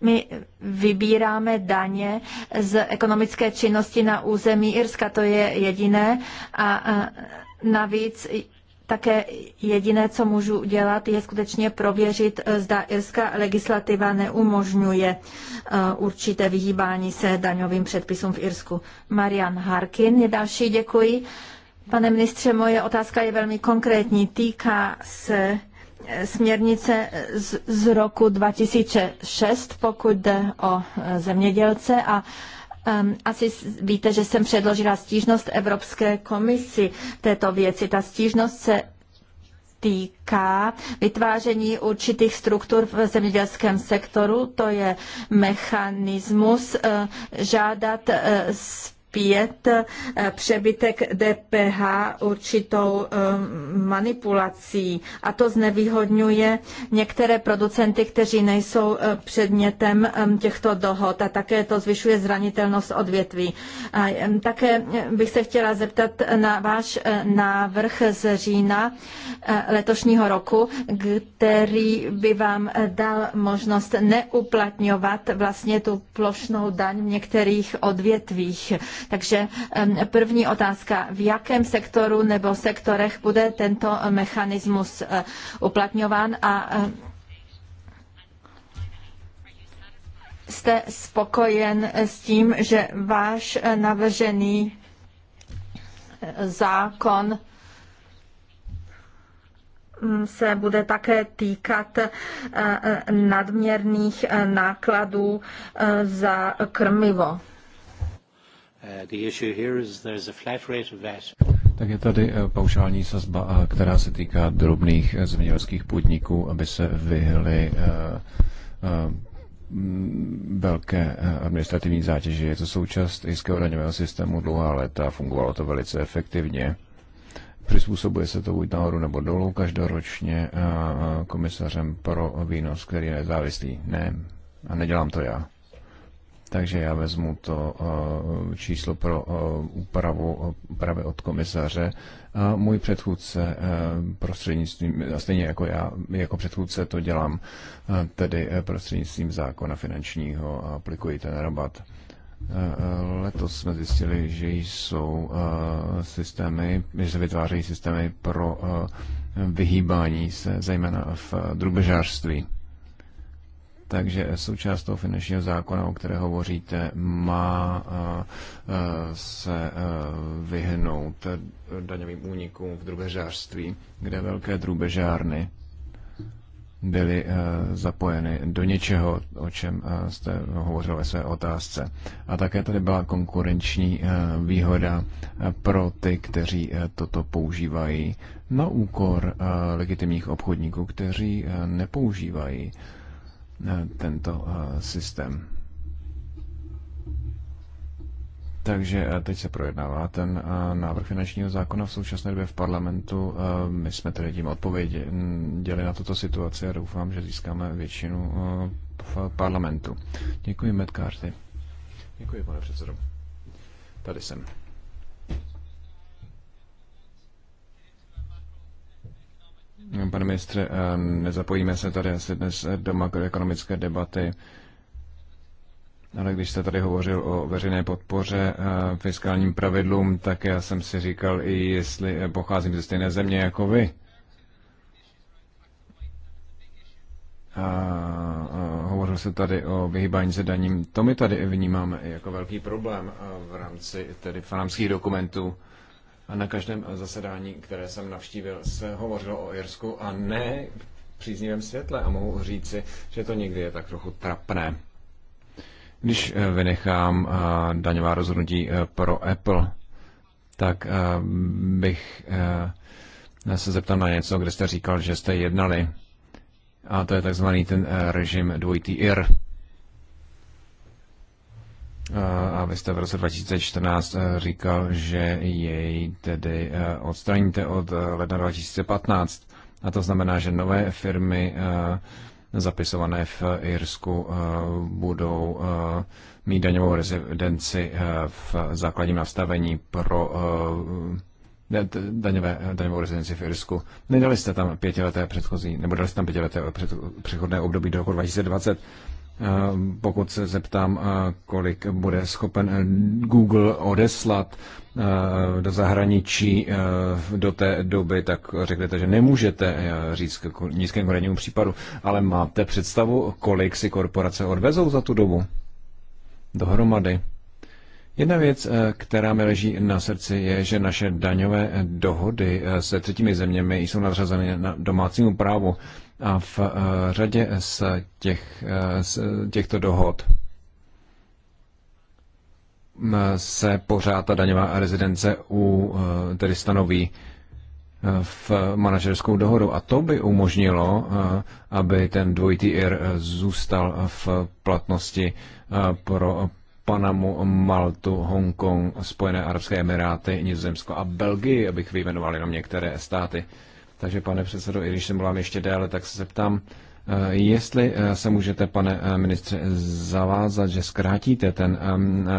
My vybíráme daně z ekonomické činnosti na území Irska, to je jediné. A, a Navíc také jediné, co můžu udělat, je skutečně prověřit, eh, zda irská legislativa neumožňuje eh, určité vyhýbání se daňovým předpisům v Irsku. Marian Harkin je další, děkuji. Pane ministře, moje otázka je velmi konkrétní. Týká se eh, směrnice z, z roku 2006, pokud jde o zemědělce a Ehm, asi víte, že jsem předložila stížnost Evropské komisi této věci. Ta stížnost se týká vytváření určitých struktur v zemědělském sektoru. To je mechanismus eh, žádat eh, opět eh, přebytek DPH určitou eh, manipulací a to znevýhodňuje některé producenty, kteří nejsou eh, předmětem těchto dohod a také to zvyšuje zranitelnost odvětví. A také bych se chtěla zeptat na váš návrh z října letošního roku, který by vám dal možnost neuplatňovat vlastně tu plošnou daň v některých odvětvích. Takže první otázka, v jakém sektoru nebo sektorech bude tento mechanismus eh, uplatňován a eh, jste spokojen s tím, že váš eh, navržený zákon mm, se bude také týkat nadměrných nákladů za krmivo. Uh, tak je tady eh, paušální sazba, eh, která se týká drobných eh, zemědělských podniků, aby se vyhly velké administrativní zátěže. Je to součást jistého daňového systému dlouhá léta, fungovalo to velice efektivně. Přizpůsobuje se to buď nahoru nebo dolů každoročně komisařem pro výnos, který je nezávislý. Ne, a nedělám to já. Takže já vezmu to eh, číslo pro eh, úpravu právě od komisaře. A můj předchůdce eh, prostřednictvím, a stejně jako já, jako předchůdce to dělám, tedy prostřednictvím zákona finančního a aplikuji ten rabat. Letos jsme zjistili, že jsou systémy, že se vytvářejí systémy pro vyhýbání se, zejména v drubežářství. Takže součást toho finančního zákona, o které hovoříte, má eh, eh, se eh, vyhnout daňovým únikům v drubežářství, kde velké drubežárny byly zapojeny do něčeho, o čem jste hovořil ve své otázce. A také tady byla konkurenční výhoda pro ty, kteří toto používají na úkor legitimních obchodníků, kteří nepoužívají Eh, tento eh, systém. Takže eh, teď se projednává ten návrh finančního zákona v současné době v parlamentu. My jsme tedy tím odpověděli mm, na tuto situaci a doufám, že získáme většinu v parlamentu. Děkuji, Metkářty. Děkuji, pane předsedo. Tady jsem. Pane ministře, eh, nezapojíme se tady asi dnes do makroekonomické debaty, ale když jste tady hovořil o veřejné podpoře eh, fiskálním pravidlům, tak já jsem si říkal, i jestli eh, pocházím ze stejné země jako vy. a hovořil se tady o vyhýbání se daním. To my tady vnímáme jako velký problém v rámci tedy fanamských dokumentů. A na každém zasedání, které jsem navštívil, se hovořilo o Irsku a ne v příznivém světle a mohu říci, že to někdy je tak trochu trapné. Když eh, vynechám eh, daňová rozhodnutí eh, pro Apple, tak bych se zeptal na něco, kde jste říkal, že jste jednali. A to je takzvaný ten režim dvojitý IR a vy jste v roce 2014 e, říkal, že jej tedy e, odstraníte od e, ledna 2015. A to znamená, že nové firmy zapisované v Irsku budou mít daňovou rezidenci v základním nastavení pro daňové, daňovou rezidenci v Irsku. Nedali jste tam pětileté předchozí, nebo dali jste tam pětileté přechodné období do roku 2020. Eh, pokud se zeptám, eh, kolik bude schopen eh, Google odeslat do zahraničí do té doby, tak řeknete, že nemůžete říct k nízkému konkrétnímu případu, ale máte představu, kolik si korporace odvezou za tu dobu dohromady? Jedna věc, která mi leží na srdci, je, že naše daňové dohody se třetími zeměmi jsou nadřazeny na domácímu právu. A v eh, řadě z, těch, eh, z těchto dohod se pořád ta daňová rezidence u, eh, tedy stanoví v manažerskou dohodu. A to by umožnilo, aby ten dvojitý IR zůstal v platnosti pro Panamu, Maltu, Hongkong, Spojené Arabské Emiráty, Nizozemsko a Belgii, abych vyjmenoval jenom některé státy. Takže pane předsedo, i když jsem byla ještě déle, tak se zeptám, eh, jestli eh, se můžete, pane eh, ministře, zavázat, že zkrátíte ten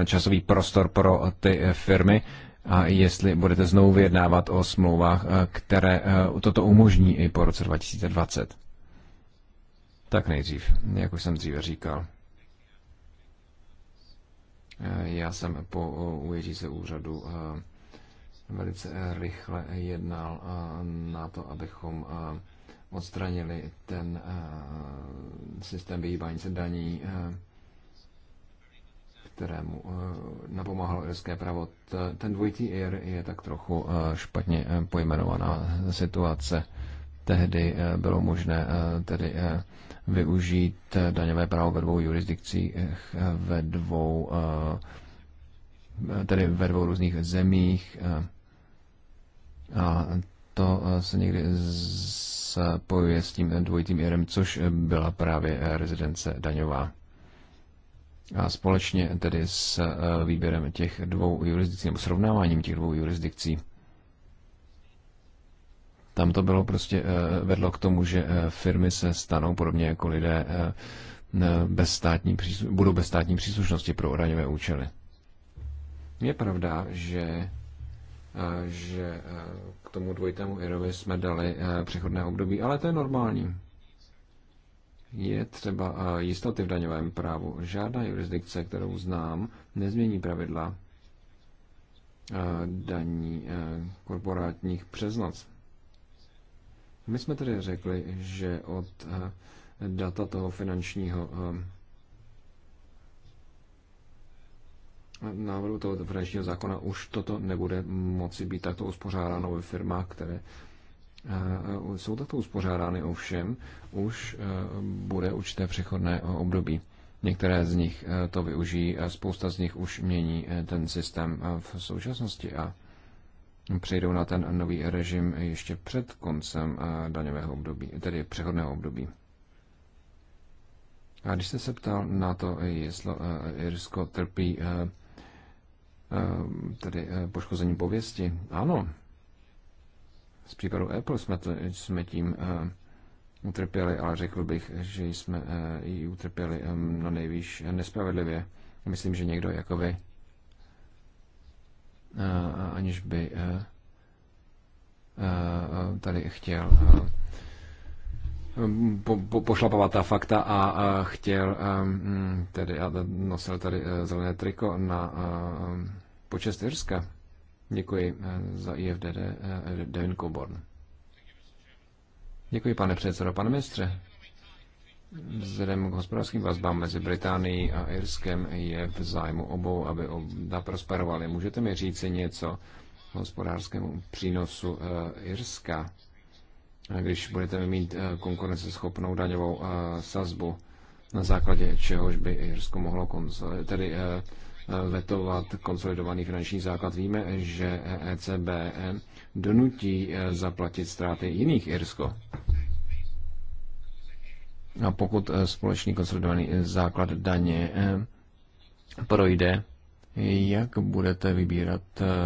časový prostor pro ty firmy a jestli budete znovu vyjednávat o smlouvách, které toto umožní i po roce 2020. Tak nejdřív, jak už jsem dříve říkal. Já jsem po ujetí se úřadu velice eh, rychle jednal eh, na to, abychom eh, odstranili ten systém vyhýbání se daní, kterému napomáhalo irské právo. Ten dvojitý ir je tak trochu špatně pojmenovaná situace. Tehdy bylo možné tedy využít daňové právo ve dvou jurisdikcích, ve dvou tedy ve dvou různých zemích a to eh, se někdy spojuje s tím dvojitým jerem, což eh, byla právě eh, rezidence daňová. A společně tedy s výběrem těch dvou jurisdikcí, nebo srovnáváním těch dvou jurisdikcí, tam to bylo prostě vedlo k tomu, že firmy se stanou podobně jako lidé bez státní, budou bez státní příslušnosti pro daňové účely. Je pravda, že že eh, k tomu dvojitému Irovi jsme dali eh, přechodné období, ale to je normální. Je třeba eh, jistoty v daňovém právu. Žádná jurisdikce, kterou znám, nezmění pravidla daní korporátních přes noc. My jsme tedy řekli, že od data toho finančního návrhu toho finančního zákona už toto nebude moci být takto uspořádáno ve firmách, které eh, jsou takto uspořádány ovšem, už eh, bude určité přechodné období. Některé z nich eh, to využijí a spousta z nich už mění ten systém v současnosti a přejdou na ten nový režim ještě před koncem daňového období, tedy přechodného období. A když jste se ptal na to, jestli Irsko trpí Ehm, tedy eh, poškození pověsti. Ano, z případu Apple jsme, to, jsme tím eh, utrpěli, ale řekl bych, že jsme eh, ji utrpěli ehm, na nejvýš nespravedlivě. Myslím, že někdo jako vy, aniž by tady chtěl po, po, pošlapovat ta fakta a, a chtěl um, tedy, a nosil tady eh, zelené triko na počest Irska. Děkuji eh, za IFDD, eh, Devin Coburn. Děkuji, pane předsedo. Pane ministře, vzhledem k hospodářským vazbám mezi Británií a Irskem je v zájmu obou, aby oba prosperovali. Můžete mi říci něco o hospodářskému přínosu Irska? když budete mít eh, konkurenceschopnou daňovou eh, sazbu, na základě čehož by Irsko mohlo tedy eh, vetovat konsolidovaný finanční základ. Víme, že ECB e donutí zaplatit ztráty jiných Irsko. A pokud společný konsolidovaný základ daně projde, jak budete vybírat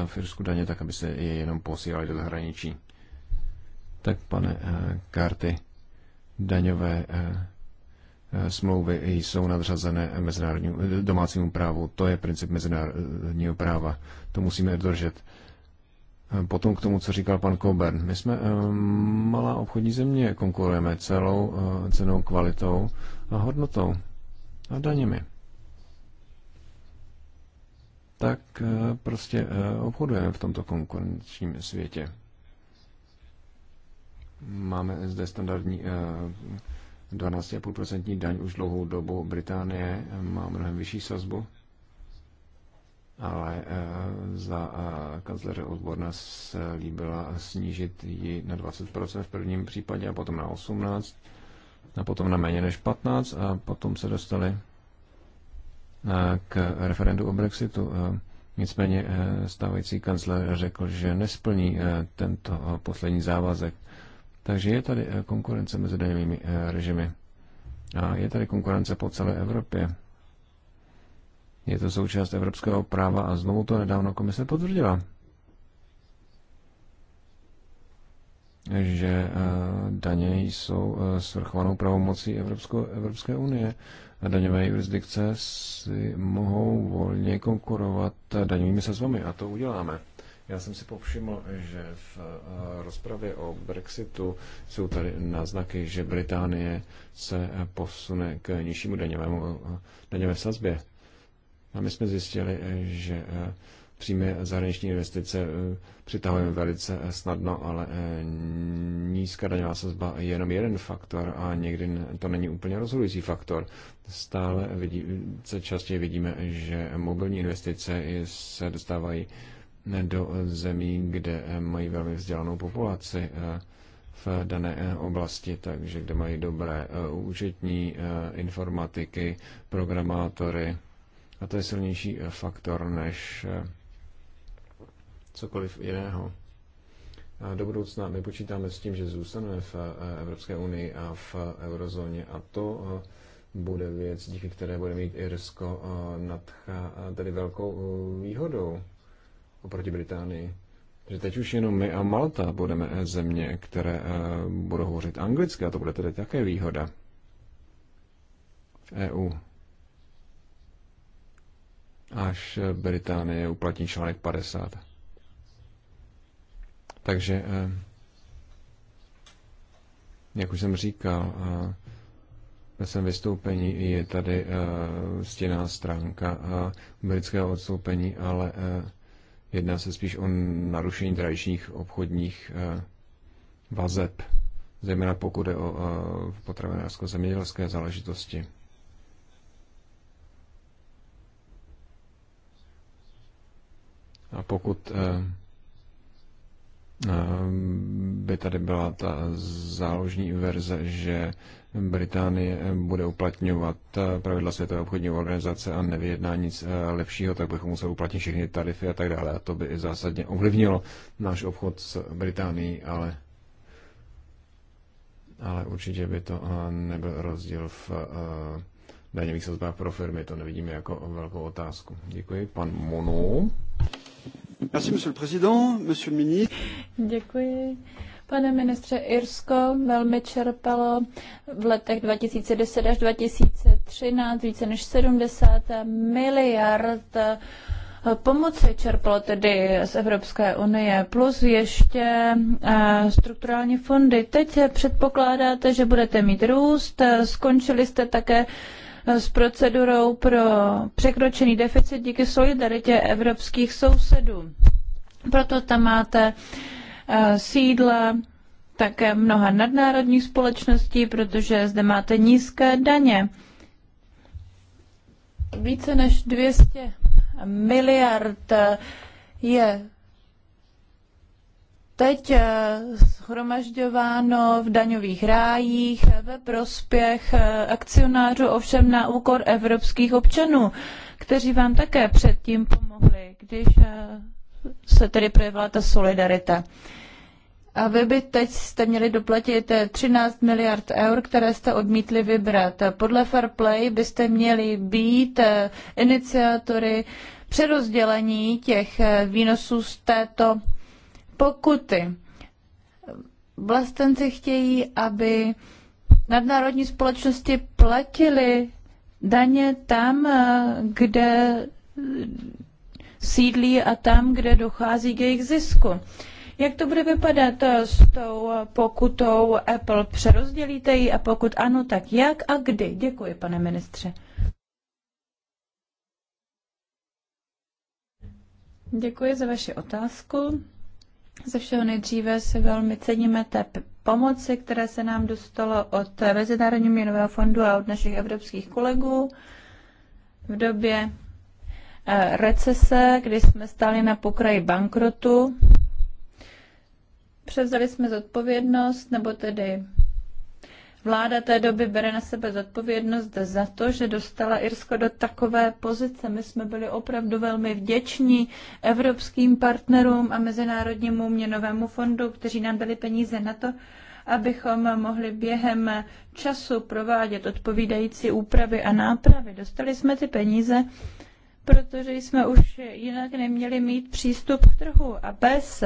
firsku daně tak, aby se je jenom posílali do zahraničí? Tak pane eh, Karty, daňové eh, eh, smlouvy jsou nadřazené mezinárodnímu, domácímu právu. To je princip mezinárodního práva. To musíme držet. Potom k tomu, co říkal pan Coburn. My jsme malá obchodní země, konkurujeme celou cenou, kvalitou a hodnotou a daněmi. Tak prostě obchodujeme v tomto konkurenčním světě. Máme zde standardní 12,5% eh, daň už dlouhou dobu. Británie má mnohem vyšší sazbu, ale eh, za eh, kancléře odborná se líbila snížit ji na 20% v prvním případě a potom na 18% a potom na méně než 15 a potom se dostali k referendu o Brexitu. Nicméně stávající kancler řekl, že nesplní tento poslední závazek takže je tady eh, konkurence mezi daňovými eh, režimy. A je tady konkurence po celé Evropě. Je to součást evropského práva a znovu to nedávno komise potvrdila. že eh, daně jsou svrchovanou pravomocí Evropsko, Evropské unie. A daňové jurisdikce si mohou volně konkurovat daňovými sazbami a to uděláme. Já jsem si povšiml, že v eh, rozpravě o Brexitu jsou tady náznaky, že Británie se eh, posune k nižšímu daňovému, eh, daňové sazbě. A my jsme zjistili, že přímé zahraniční investice přitahujeme velice snadno, ale nízká daňová sazba je jenom jeden faktor a někdy to není úplně rozhodující faktor. Stále vidí, se častěji vidíme, že mobilní investice se dostávají do zemí, kde eh, mají velmi vzdělanou populaci eh, v dané eh, oblasti, takže kde mají dobré účetní informatiky, programátory. A to je silnější faktor než cokoliv jiného. A do budoucna my počítáme s tím, že zůstaneme v Evropské unii a v eurozóně a to bude věc, díky které bude mít Irsko nad tedy velkou výhodou oproti Británii. Že teď už jenom my a Malta budeme země, které eh, budou hovořit anglicky a to bude tedy také výhoda v EU. Až Británie uplatní článek 50. Takže, eh, jak už jsem říkal, eh, ve svém vystoupení je tady stěná stránka britského odstoupení, ale Jedná se spíš o narušení tradičních obchodních eh, vazeb, zejména pokud je o eh, potravinářsko-zemědělské záležitosti. A pokud eh, Ehm, by tady byla ta záložní verze, že Británie bude uplatňovat eh, pravidla Světové obchodní organizace a nevyjedná nic eh, lepšího, tak bychom museli uplatnit všechny tarify a tak dále. A to by i zásadně ovlivnilo náš obchod s Británií, ale ale určitě by to eh, nebyl rozdíl v daňových sazbách pro firmy. To nevidíme jako velkou otázku. Děkuji. Pan Monu. Merci, monsieur le président, monsieur le ministre. Děkuji. Pane ministře, Irsko velmi čerpalo v letech 2010 až 2013 více než 70 miliard pomoci čerpalo tedy z Evropské unie, plus ještě eh, strukturální fondy. Teď předpokládáte, že budete mít růst, skončili jste také s procedurou pro překročený deficit díky solidaritě evropských sousedů. Proto tam máte eh, sídla také mnoha nadnárodních společností, protože zde máte nízké daně. Více než 200 miliard je teď eh, schromažďováno v daňových rájích ve prospěch eh, akcionářů, ovšem na úkor evropských občanů, kteří vám také předtím pomohli, když eh, se tedy projevila ta solidarita. A vy by teď jste měli doplatit 13 miliard eur, které jste odmítli vybrat. Podle Fair Play byste měli být iniciátory přerozdělení těch výnosů z této pokuty. Vlastenci chtějí, aby nadnárodní společnosti platili daně tam, kde sídlí a tam, kde dochází k jejich zisku. Jak to bude vypadat s tou pokutou Apple? Přerozdělíte ji a pokud ano, tak jak a kdy? Děkuji, pane ministře. Děkuji za vaši otázku. Ze všeho nejdříve se velmi ceníme té pomoci, které se nám dostalo od Mezinárodního měnového fondu a od našich evropských kolegů v době eh, recese, kdy jsme stáli na pokraji bankrotu. Převzali jsme zodpovědnost, nebo tedy Vláda té doby bere na sebe zodpovědnost za to, že dostala Irsko do takové pozice. My jsme byli opravdu velmi vděční evropským partnerům a Mezinárodnímu měnovému fondu, kteří nám dali peníze na to, abychom mohli během času provádět odpovídající úpravy a nápravy. Dostali jsme ty peníze, protože jsme už jinak neměli mít přístup k trhu a bez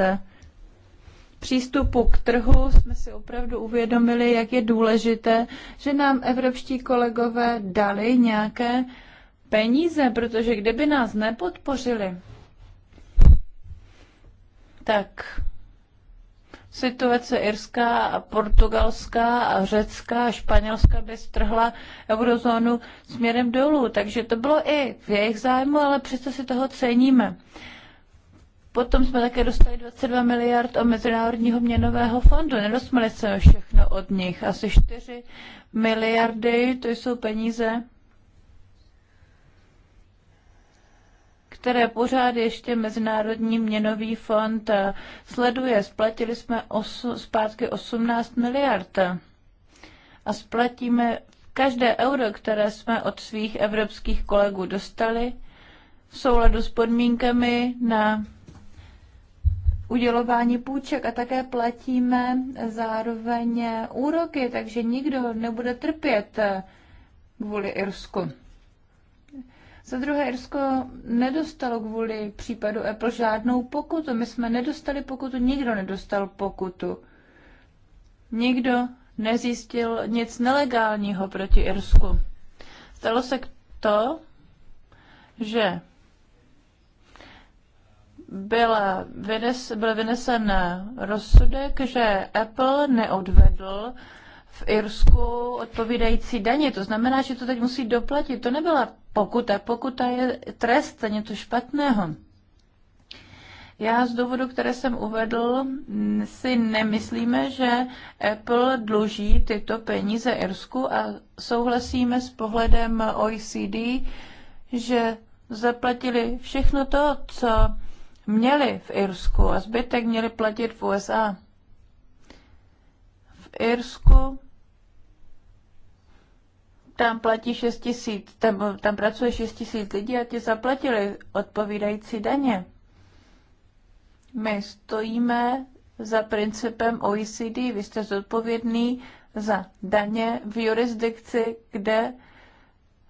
přístupu k trhu jsme si opravdu uvědomili, jak je důležité, že nám evropští kolegové dali nějaké peníze, protože kdyby nás nepodpořili, tak situace irská a portugalská a řecká a španělská by strhla eurozónu směrem dolů. Takže to bylo i v jejich zájmu, ale přesto si toho ceníme. Potom jsme také dostali 22 miliard od Mezinárodního měnového fondu. Nedostali se všechno od nich. Asi 4 miliardy, to jsou peníze, které pořád ještě Mezinárodní měnový fond sleduje. Splatili jsme osu, zpátky 18 miliard a splatíme každé euro, které jsme od svých evropských kolegů dostali v souladu s podmínkami na udělování půjček a také platíme zároveň úroky, takže nikdo nebude trpět kvůli Irsku. Za druhé, Irsko nedostalo kvůli případu Apple žádnou pokutu. My jsme nedostali pokutu, nikdo nedostal pokutu. Nikdo nezjistil nic nelegálního proti Irsku. Stalo se to, že byl, vynes, byl vynesen rozsudek, že Apple neodvedl v Irsku odpovídající daně. To znamená, že to teď musí doplatit. To nebyla pokuta. Pokuta je trest za něco špatného. Já z důvodu, které jsem uvedl, si nemyslíme, že Apple dluží tyto peníze Irsku a souhlasíme s pohledem OECD, že zaplatili všechno to, co měli v Irsku a zbytek měli platit v USA. V Irsku tam platí 6 tisíc, tam, tam pracuje 6 tisíc lidí a ti zaplatili odpovídající daně. My stojíme za principem OECD, vy jste zodpovědný za daně v jurisdikci, kde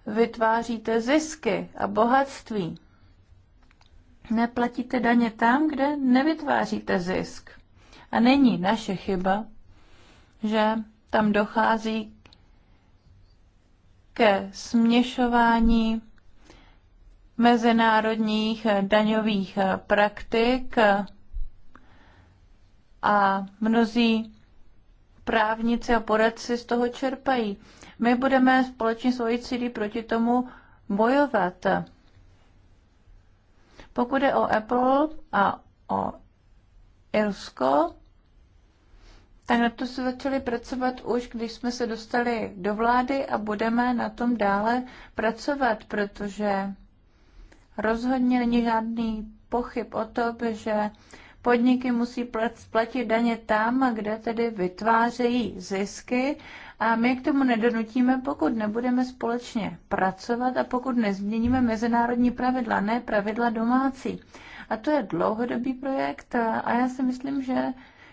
vytváříte zisky a bohatství. Neplatíte daně tam, kde nevytváříte zisk. A není naše chyba, že tam dochází ke směšování mezinárodních daňových praktik a mnozí právníci a poradci z toho čerpají. My budeme společně s OECD proti tomu bojovat. Pokud je o Apple a o Irsko, tak na to se začali pracovat už, když jsme se dostali do vlády a budeme na tom dále pracovat, protože rozhodně není žádný pochyb o tom, že podniky musí platit daně tam, kde tedy vytvářejí zisky a my k tomu nedonutíme, pokud nebudeme společně pracovat a pokud nezměníme mezinárodní pravidla, ne pravidla domácí. A to je dlouhodobý projekt a já si myslím, že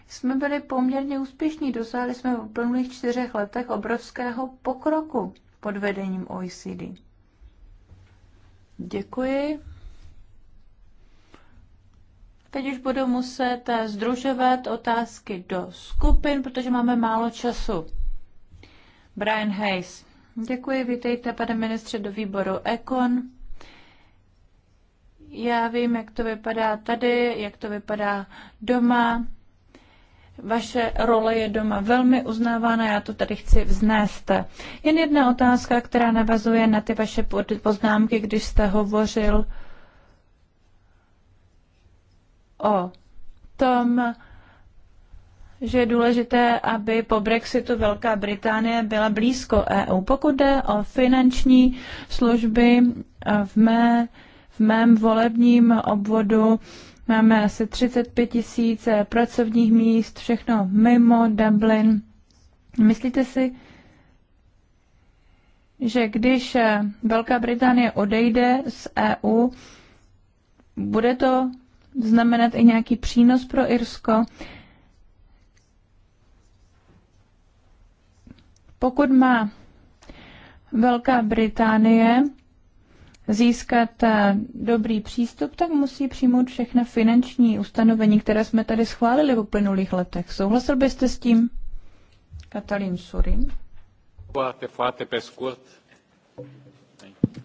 jsme byli poměrně úspěšní. Dosáhli jsme v uplynulých čtyřech letech obrovského pokroku pod vedením OECD. Děkuji. Teď už budu muset eh, združovat otázky do skupin, protože máme málo času. Brian Hayes. Děkuji, vítejte, pane ministře, do výboru Econ. Já vím, jak to vypadá tady, jak to vypadá doma. Vaše role je doma velmi uznávána, já to tady chci vznést. Jen jedna otázka, která navazuje na ty vaše poznámky, když jste hovořil o tom, že je důležité, aby po Brexitu Velká Británie byla blízko EU. Pokud jde o finanční služby eh, v, mé, v mém volebním obvodu, máme asi 35 tisíc eh, pracovních míst, všechno mimo Dublin. Myslíte si, že když eh, Velká Británie odejde z EU, bude to znamenat i nějaký přínos pro Irsko? Pokud má Velká Británie získat eh, dobrý přístup, tak musí přijmout všechna finanční ustanovení, které jsme tady schválili v uplynulých letech. Souhlasil byste s tím, Katalin Surin? Foarte, foarte pe scurt, eh,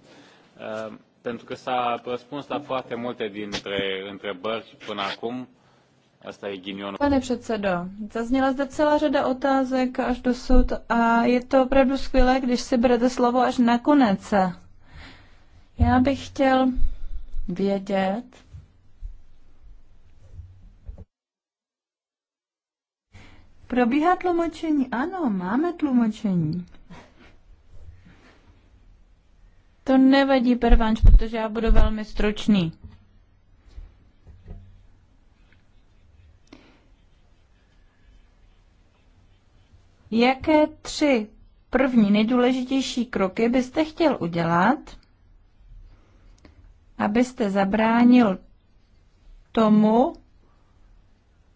pentru că s-a răspuns la foarte multe dintre întrebări până acum. Pane předsedo, zazněla zde celá řada otázek až dosud a je to opravdu skvělé, když si berete slovo až nakonec. Já bych chtěl vědět, Probíhá tlumočení? Ano, máme tlumočení. To nevadí, Pervanč, protože já budu velmi stručný. jaké tři první nejdůležitější kroky byste chtěl udělat, abyste zabránil tomu,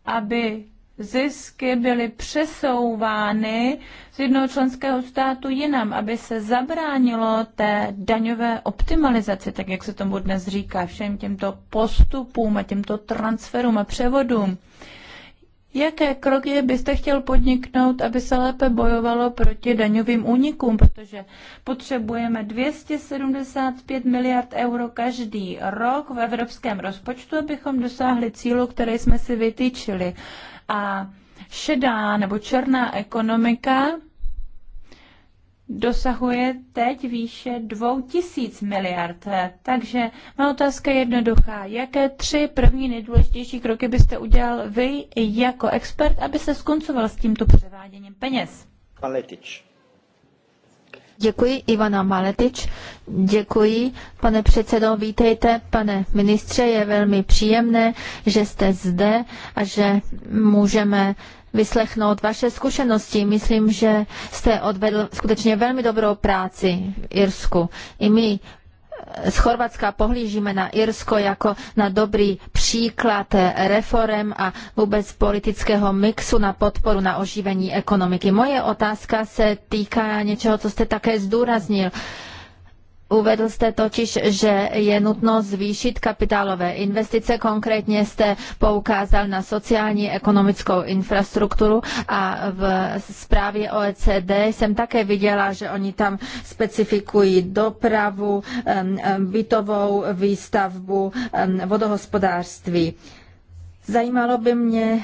aby zisky byly přesouvány z jednoho členského státu jinam, aby se zabránilo té daňové optimalizaci, tak jak se tomu dnes říká, všem těmto postupům a těmto transferům a převodům. Jaké kroky byste chtěl podniknout, aby se lépe bojovalo proti daňovým únikům, protože potřebujeme 275 miliard euro každý rok v evropském rozpočtu, abychom dosáhli cílu, které jsme si vytýčili. A šedá nebo černá ekonomika dosahuje teď výše 2000 miliard. Takže má otázka je jednoduchá. Jaké tři první nejdůležitější kroky byste udělal vy jako expert, aby se skoncoval s tímto převáděním peněz? Paletič. Děkuji, Ivana Maletič. Děkuji, pane předsedo, vítejte, pane ministře, je velmi příjemné, že jste zde a že můžeme vyslechnout vaše zkušenosti. Myslím, že jste odvedl skutečně velmi dobrou práci v Irsku. I my eh, z Chorvatska pohlížíme na Irsko jako na dobrý příklad eh, reform a vůbec politického mixu na podporu na oživení ekonomiky. Moje otázka se týká něčeho, co jste také zdůraznil. Uvedl jste totiž, že je nutno zvýšit kapitálové investice, konkrétně jste poukázal na sociální ekonomickou infrastrukturu a v zprávě OECD jsem také viděla, že oni tam specifikují dopravu, bytovou výstavbu, vodohospodářství. Zajímalo by mě,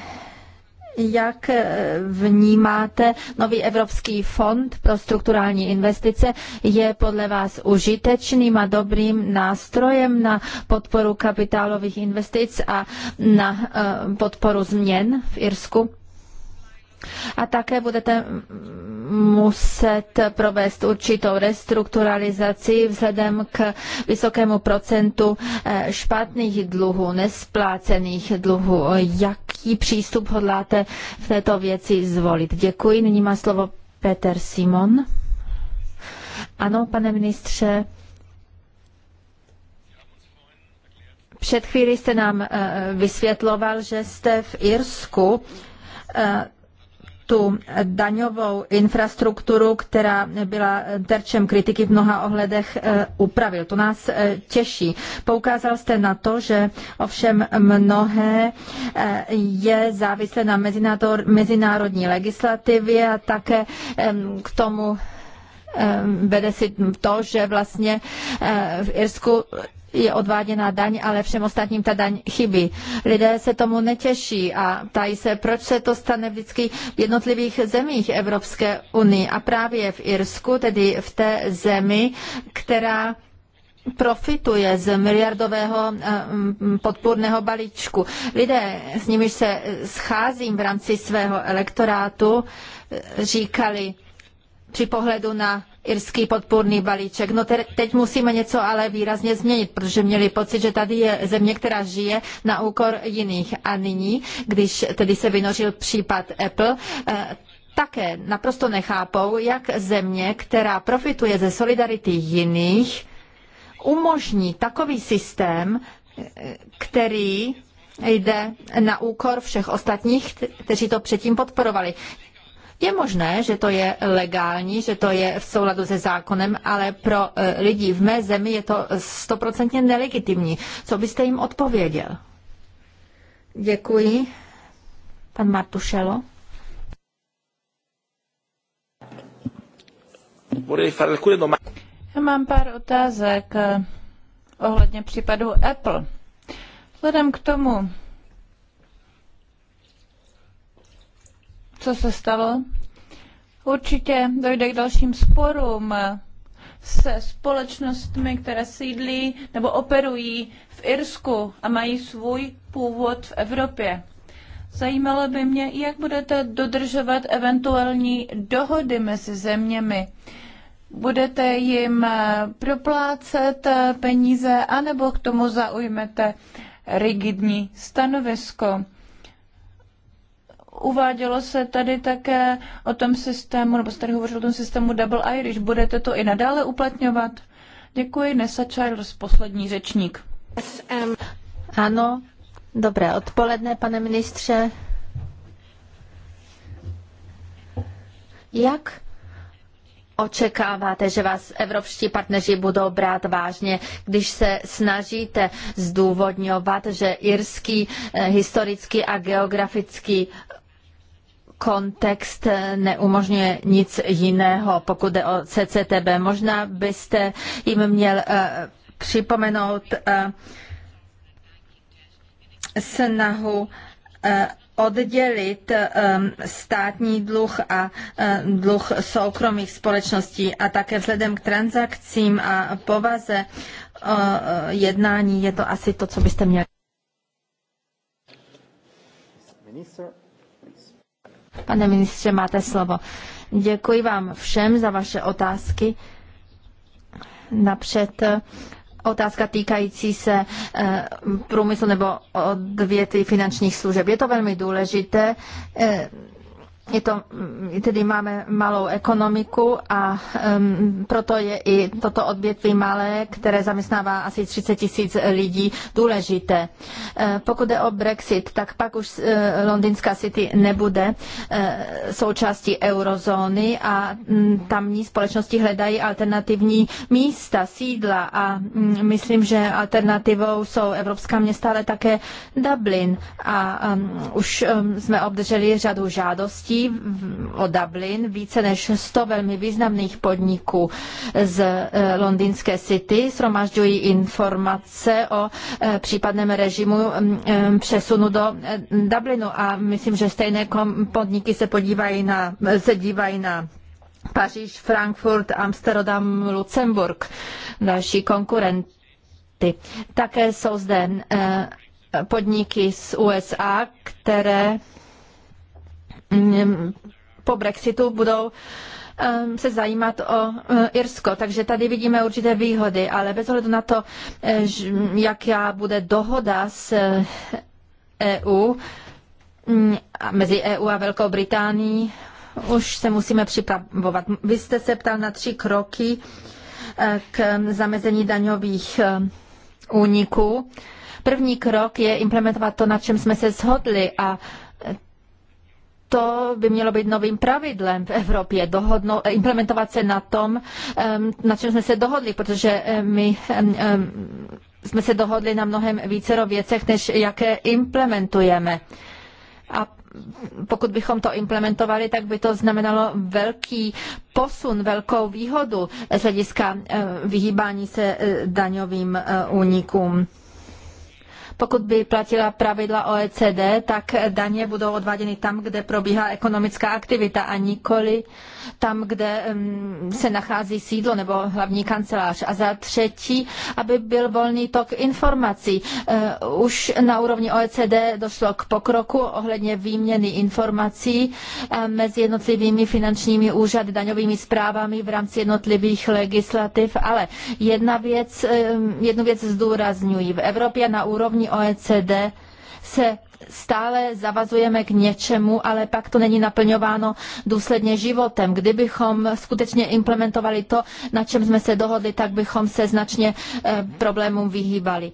jak eh, vnímáte nový Evropský fond pro strukturální investice? Je podle vás užitečným a dobrým nástrojem na podporu kapitálových investic a na eh, podporu změn v Irsku? A také budete muset provést určitou restrukturalizaci vzhledem k vysokému procentu eh, špatných dluhů, nesplácených dluhů. Jaký přístup hodláte v této věci zvolit? Děkuji. Nyní má slovo Peter Simon. Ano, pane ministře. Před chvílí jste nám eh, vysvětloval, že jste v Irsku eh, tu daňovou infrastrukturu, která byla terčem kritiky v mnoha ohledech, eh, upravil. To nás eh, těší. Poukázal jste na to, že ovšem mnohé eh, je závislé na mezinárodní legislativě a také k tomu vede si to, že vlastně v Irsku je odváděna daň, ale všem ostatním ta daň chybí. Lidé se tomu netěší a ptají se, proč se to stane vždycky v jednotlivých zemích Evropské unie a právě v Irsku, tedy v té zemi, která profituje z miliardového eh, podpůrného balíčku. Lidé, s nimiž se scházím v rámci svého elektorátu, eh, říkali při pohledu na irský podpůrný balíček. No teď musíme něco ale výrazně změnit, protože měli pocit, že tady je země, která žije na úkor jiných. A nyní, když tedy se vynořil případ Apple, eh, také naprosto nechápou, jak země, která profituje ze solidarity jiných, umožní takový systém, eh, který jde na úkor všech ostatních, kteří to předtím podporovali. Je možné, že to je legální, že to je v souladu se zákonem, ale pro e, lidi v mé zemi je to stoprocentně nelegitimní. Co byste jim odpověděl? Děkuji. Pan Martušelo. Já mám pár otázek eh, ohledně případu Apple. Vzhledem k tomu, co se stalo. Určitě dojde k dalším sporům se společnostmi, které sídlí nebo operují v Irsku a mají svůj původ v Evropě. Zajímalo by mě, jak budete dodržovat eventuální dohody mezi zeměmi. Budete jim eh, proplácet eh, peníze, anebo k tomu zaujmete rigidní stanovisko. Uvádělo se tady také o tom systému, nebo jste tady hovořil o tom systému Double Irish. Budete to i nadále uplatňovat? Děkuji, Nessa Charles, poslední řečník. Ano, dobré odpoledne, pane ministře. Jak očekáváte, že vás evropští partneři budou brát vážně, když se snažíte zdůvodňovat, že irský eh, historický a geografický kontext neumožňuje nic jiného, pokud jde o CCTB. Možná byste jim měl eh, připomenout eh, snahu eh, oddělit státní dluh a dluh soukromých společností a také vzhledem k transakcím a povaze jednání je to asi to, co byste měli. Minister. Pane ministře, máte slovo. Děkuji vám všem za vaše otázky. Napřed eh, otázka týkající se eh, průmyslu nebo odvětví finančních služeb. Je to velmi důležité. Eh, je to, mm, tedy máme malou ekonomiku a um, proto je i toto odvětví malé, které zaměstnává asi 30 tisíc lidí, důležité. Uh, pokud je o Brexit, tak pak už uh, londýnská city nebude uh, součástí eurozóny a um, tamní společnosti hledají alternativní místa, sídla a um, myslím, že alternativou jsou evropská města, ale také Dublin. A um, už um, jsme obdrželi řadu žádostí o Dublin více než 100 velmi významných podniků z eh, londýnské City. Sromažďují informace o eh, případném režimu mm, eh, přesunu do Dublinu a myslím, že stejné podniky se podívají na, se dívají na Paříž, Frankfurt, Amsterdam, Lucemburg, další konkurenty. Také jsou zde podniky z USA, které Hm, po Brexitu budou ehm, se zajímat o eh, Irsko. Takže tady vidíme určité výhody, ale bez ohledu na to, eh, jaká bude dohoda s EU, eh, e hm, mezi EU a Velkou Británií, už se musíme připravovat. Vy jste se ptal na tři kroky k zamezení daňových úniků. První krok je implementovat to, na čem jsme se shodli a to by mělo být novým pravidlem v Evropě, dohodno, implementovat se na tom, na čem jsme se dohodli, protože my jsme se dohodli na mnohem vícero věcech, než jaké implementujeme. A pokud bychom to implementovali, tak by to znamenalo velký posun, velkou výhodu z hlediska vyhýbání se e, daňovým e, únikům. Pokud by platila pravidla OECD, tak daně budou odváděny tam, kde probíhá ekonomická aktivita a nikoli tam, kde se nachází sídlo nebo hlavní kancelář. A za třetí, aby byl volný tok informací. E, už na úrovni OECD došlo k pokroku ohledně výměny informací e, mezi jednotlivými finančními úřady, daňovými zprávami v rámci jednotlivých legislativ, ale jedna věc, jednu věc zdůrazňuji. V Evropě na úrovni OECD se stále zavazujeme k něčemu, ale pak to není naplňováno důsledně životem. Kdybychom skutečně implementovali to, na čem jsme se dohodli, tak bychom se značně eh, problémům vyhýbali.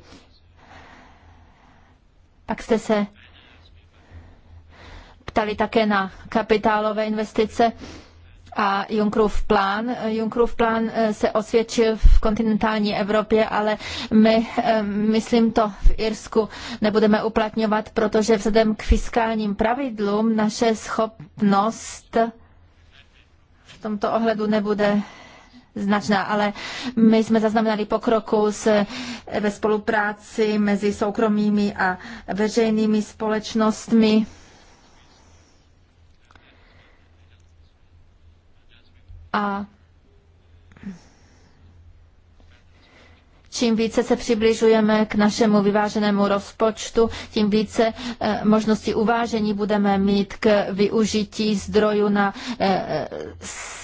Pak jste se ptali také na kapitálové investice a Junckerův plán. Junckerův plán eh, se osvědčil v kontinentální Evropě, ale my, eh, myslím to v Irsku, nebudeme uplatňovat, protože vzhledem k fiskálním pravidlům naše schopnost v tomto ohledu nebude značná, ale my jsme zaznamenali pokroku s, eh, ve spolupráci mezi soukromými a veřejnými společnostmi. A čím více se přibližujeme k našemu vyváženému rozpočtu, tím více eh, možností uvážení budeme mít k využití zdrojů na eh,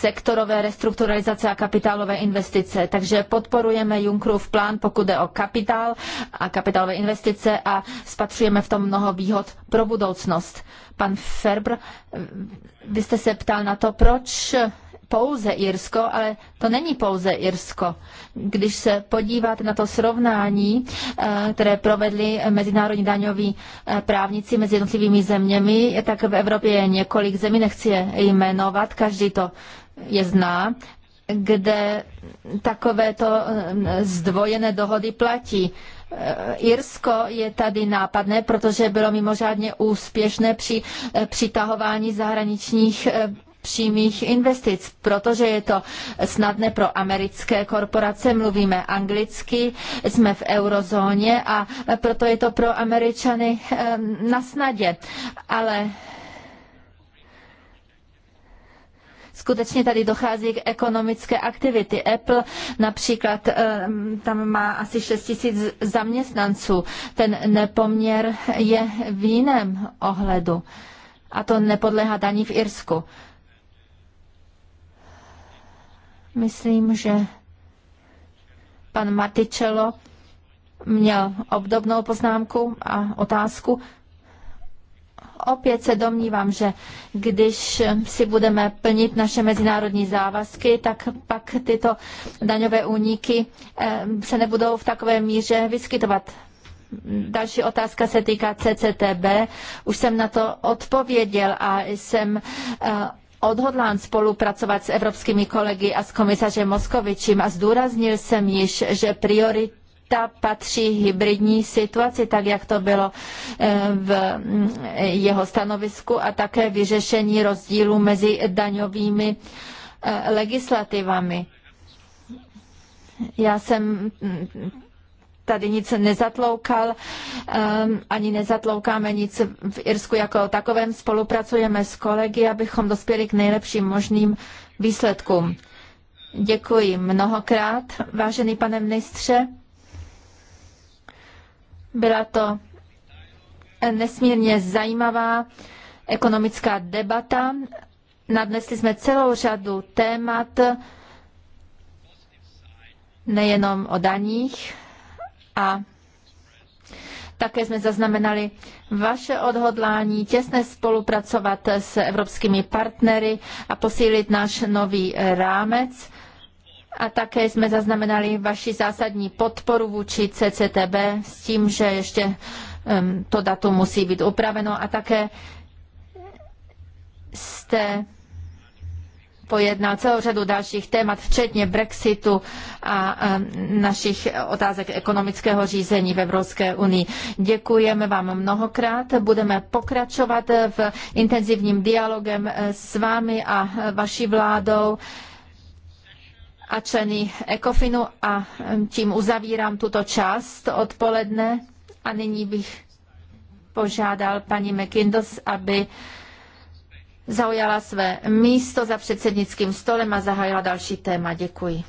sektorové restrukturalizace a kapitálové investice. Takže podporujeme Junckerův plán, pokud jde o kapitál a kapitálové investice a spatřujeme v tom mnoho výhod pro budoucnost. Pan Ferbr, vy jste se ptal na to, proč pouze Irsko, ale to není pouze Irsko. Když se podíváte na to srovnání, eh, které provedli mezinárodní daňoví eh, právníci mezi jednotlivými zeměmi, tak v Evropě je několik zemí, nechci je jmenovat, každý to je zná, kde takovéto eh, zdvojené dohody platí. Irsko je tady nápadné, protože bylo mimořádně úspěšné při přitahování zahraničních přímých investic, protože je to snadné pro americké korporace, mluvíme anglicky, jsme v eurozóně a proto je to pro američany eh, na snadě. Ale skutečně tady dochází k ekonomické aktivity. Apple například eh, tam má asi 6 tisíc zaměstnanců. Ten nepoměr je v jiném ohledu. A to nepodléhá daní v Irsku. Myslím, že pan Matičelo měl obdobnou poznámku a otázku. Opět se domnívám, že když si budeme plnit naše mezinárodní závazky, tak pak tyto daňové úniky eh, se nebudou v takové míře vyskytovat. Další otázka se týká CCTB. Už jsem na to odpověděl a jsem eh, odhodlán spolupracovat s evropskými kolegy a s komisařem Moskovičem a zdůraznil jsem již, že priorita ta patří hybridní situaci, tak jak to bylo eh, v mm, jeho stanovisku a také vyřešení rozdílu mezi daňovými eh, legislativami. Já jsem mm, tady nic nezatloukal, um, ani nezatloukáme nic v Irsku jako o takovém. Spolupracujeme s kolegy, abychom dospěli k nejlepším možným výsledkům. Děkuji mnohokrát, vážený pane ministře. Byla to nesmírně zajímavá ekonomická debata. Nadnesli jsme celou řadu témat, nejenom o daních, a také jsme zaznamenali vaše odhodlání těsně spolupracovat s evropskými partnery a posílit náš nový rámec. A také jsme zaznamenali vaši zásadní podporu vůči CCTB s tím, že ještě to datum musí být upraveno a také jste pojednal celou řadu dalších témat, včetně Brexitu a našich otázek ekonomického řízení v Evropské unii. Děkujeme vám mnohokrát. Budeme pokračovat v intenzivním dialogem s vámi a vaší vládou a členy Ekofinu a tím uzavírám tuto část odpoledne a nyní bych požádal paní McIndos, aby zaujala své místo za předsednickým stolem a zahájila další téma. Děkuji.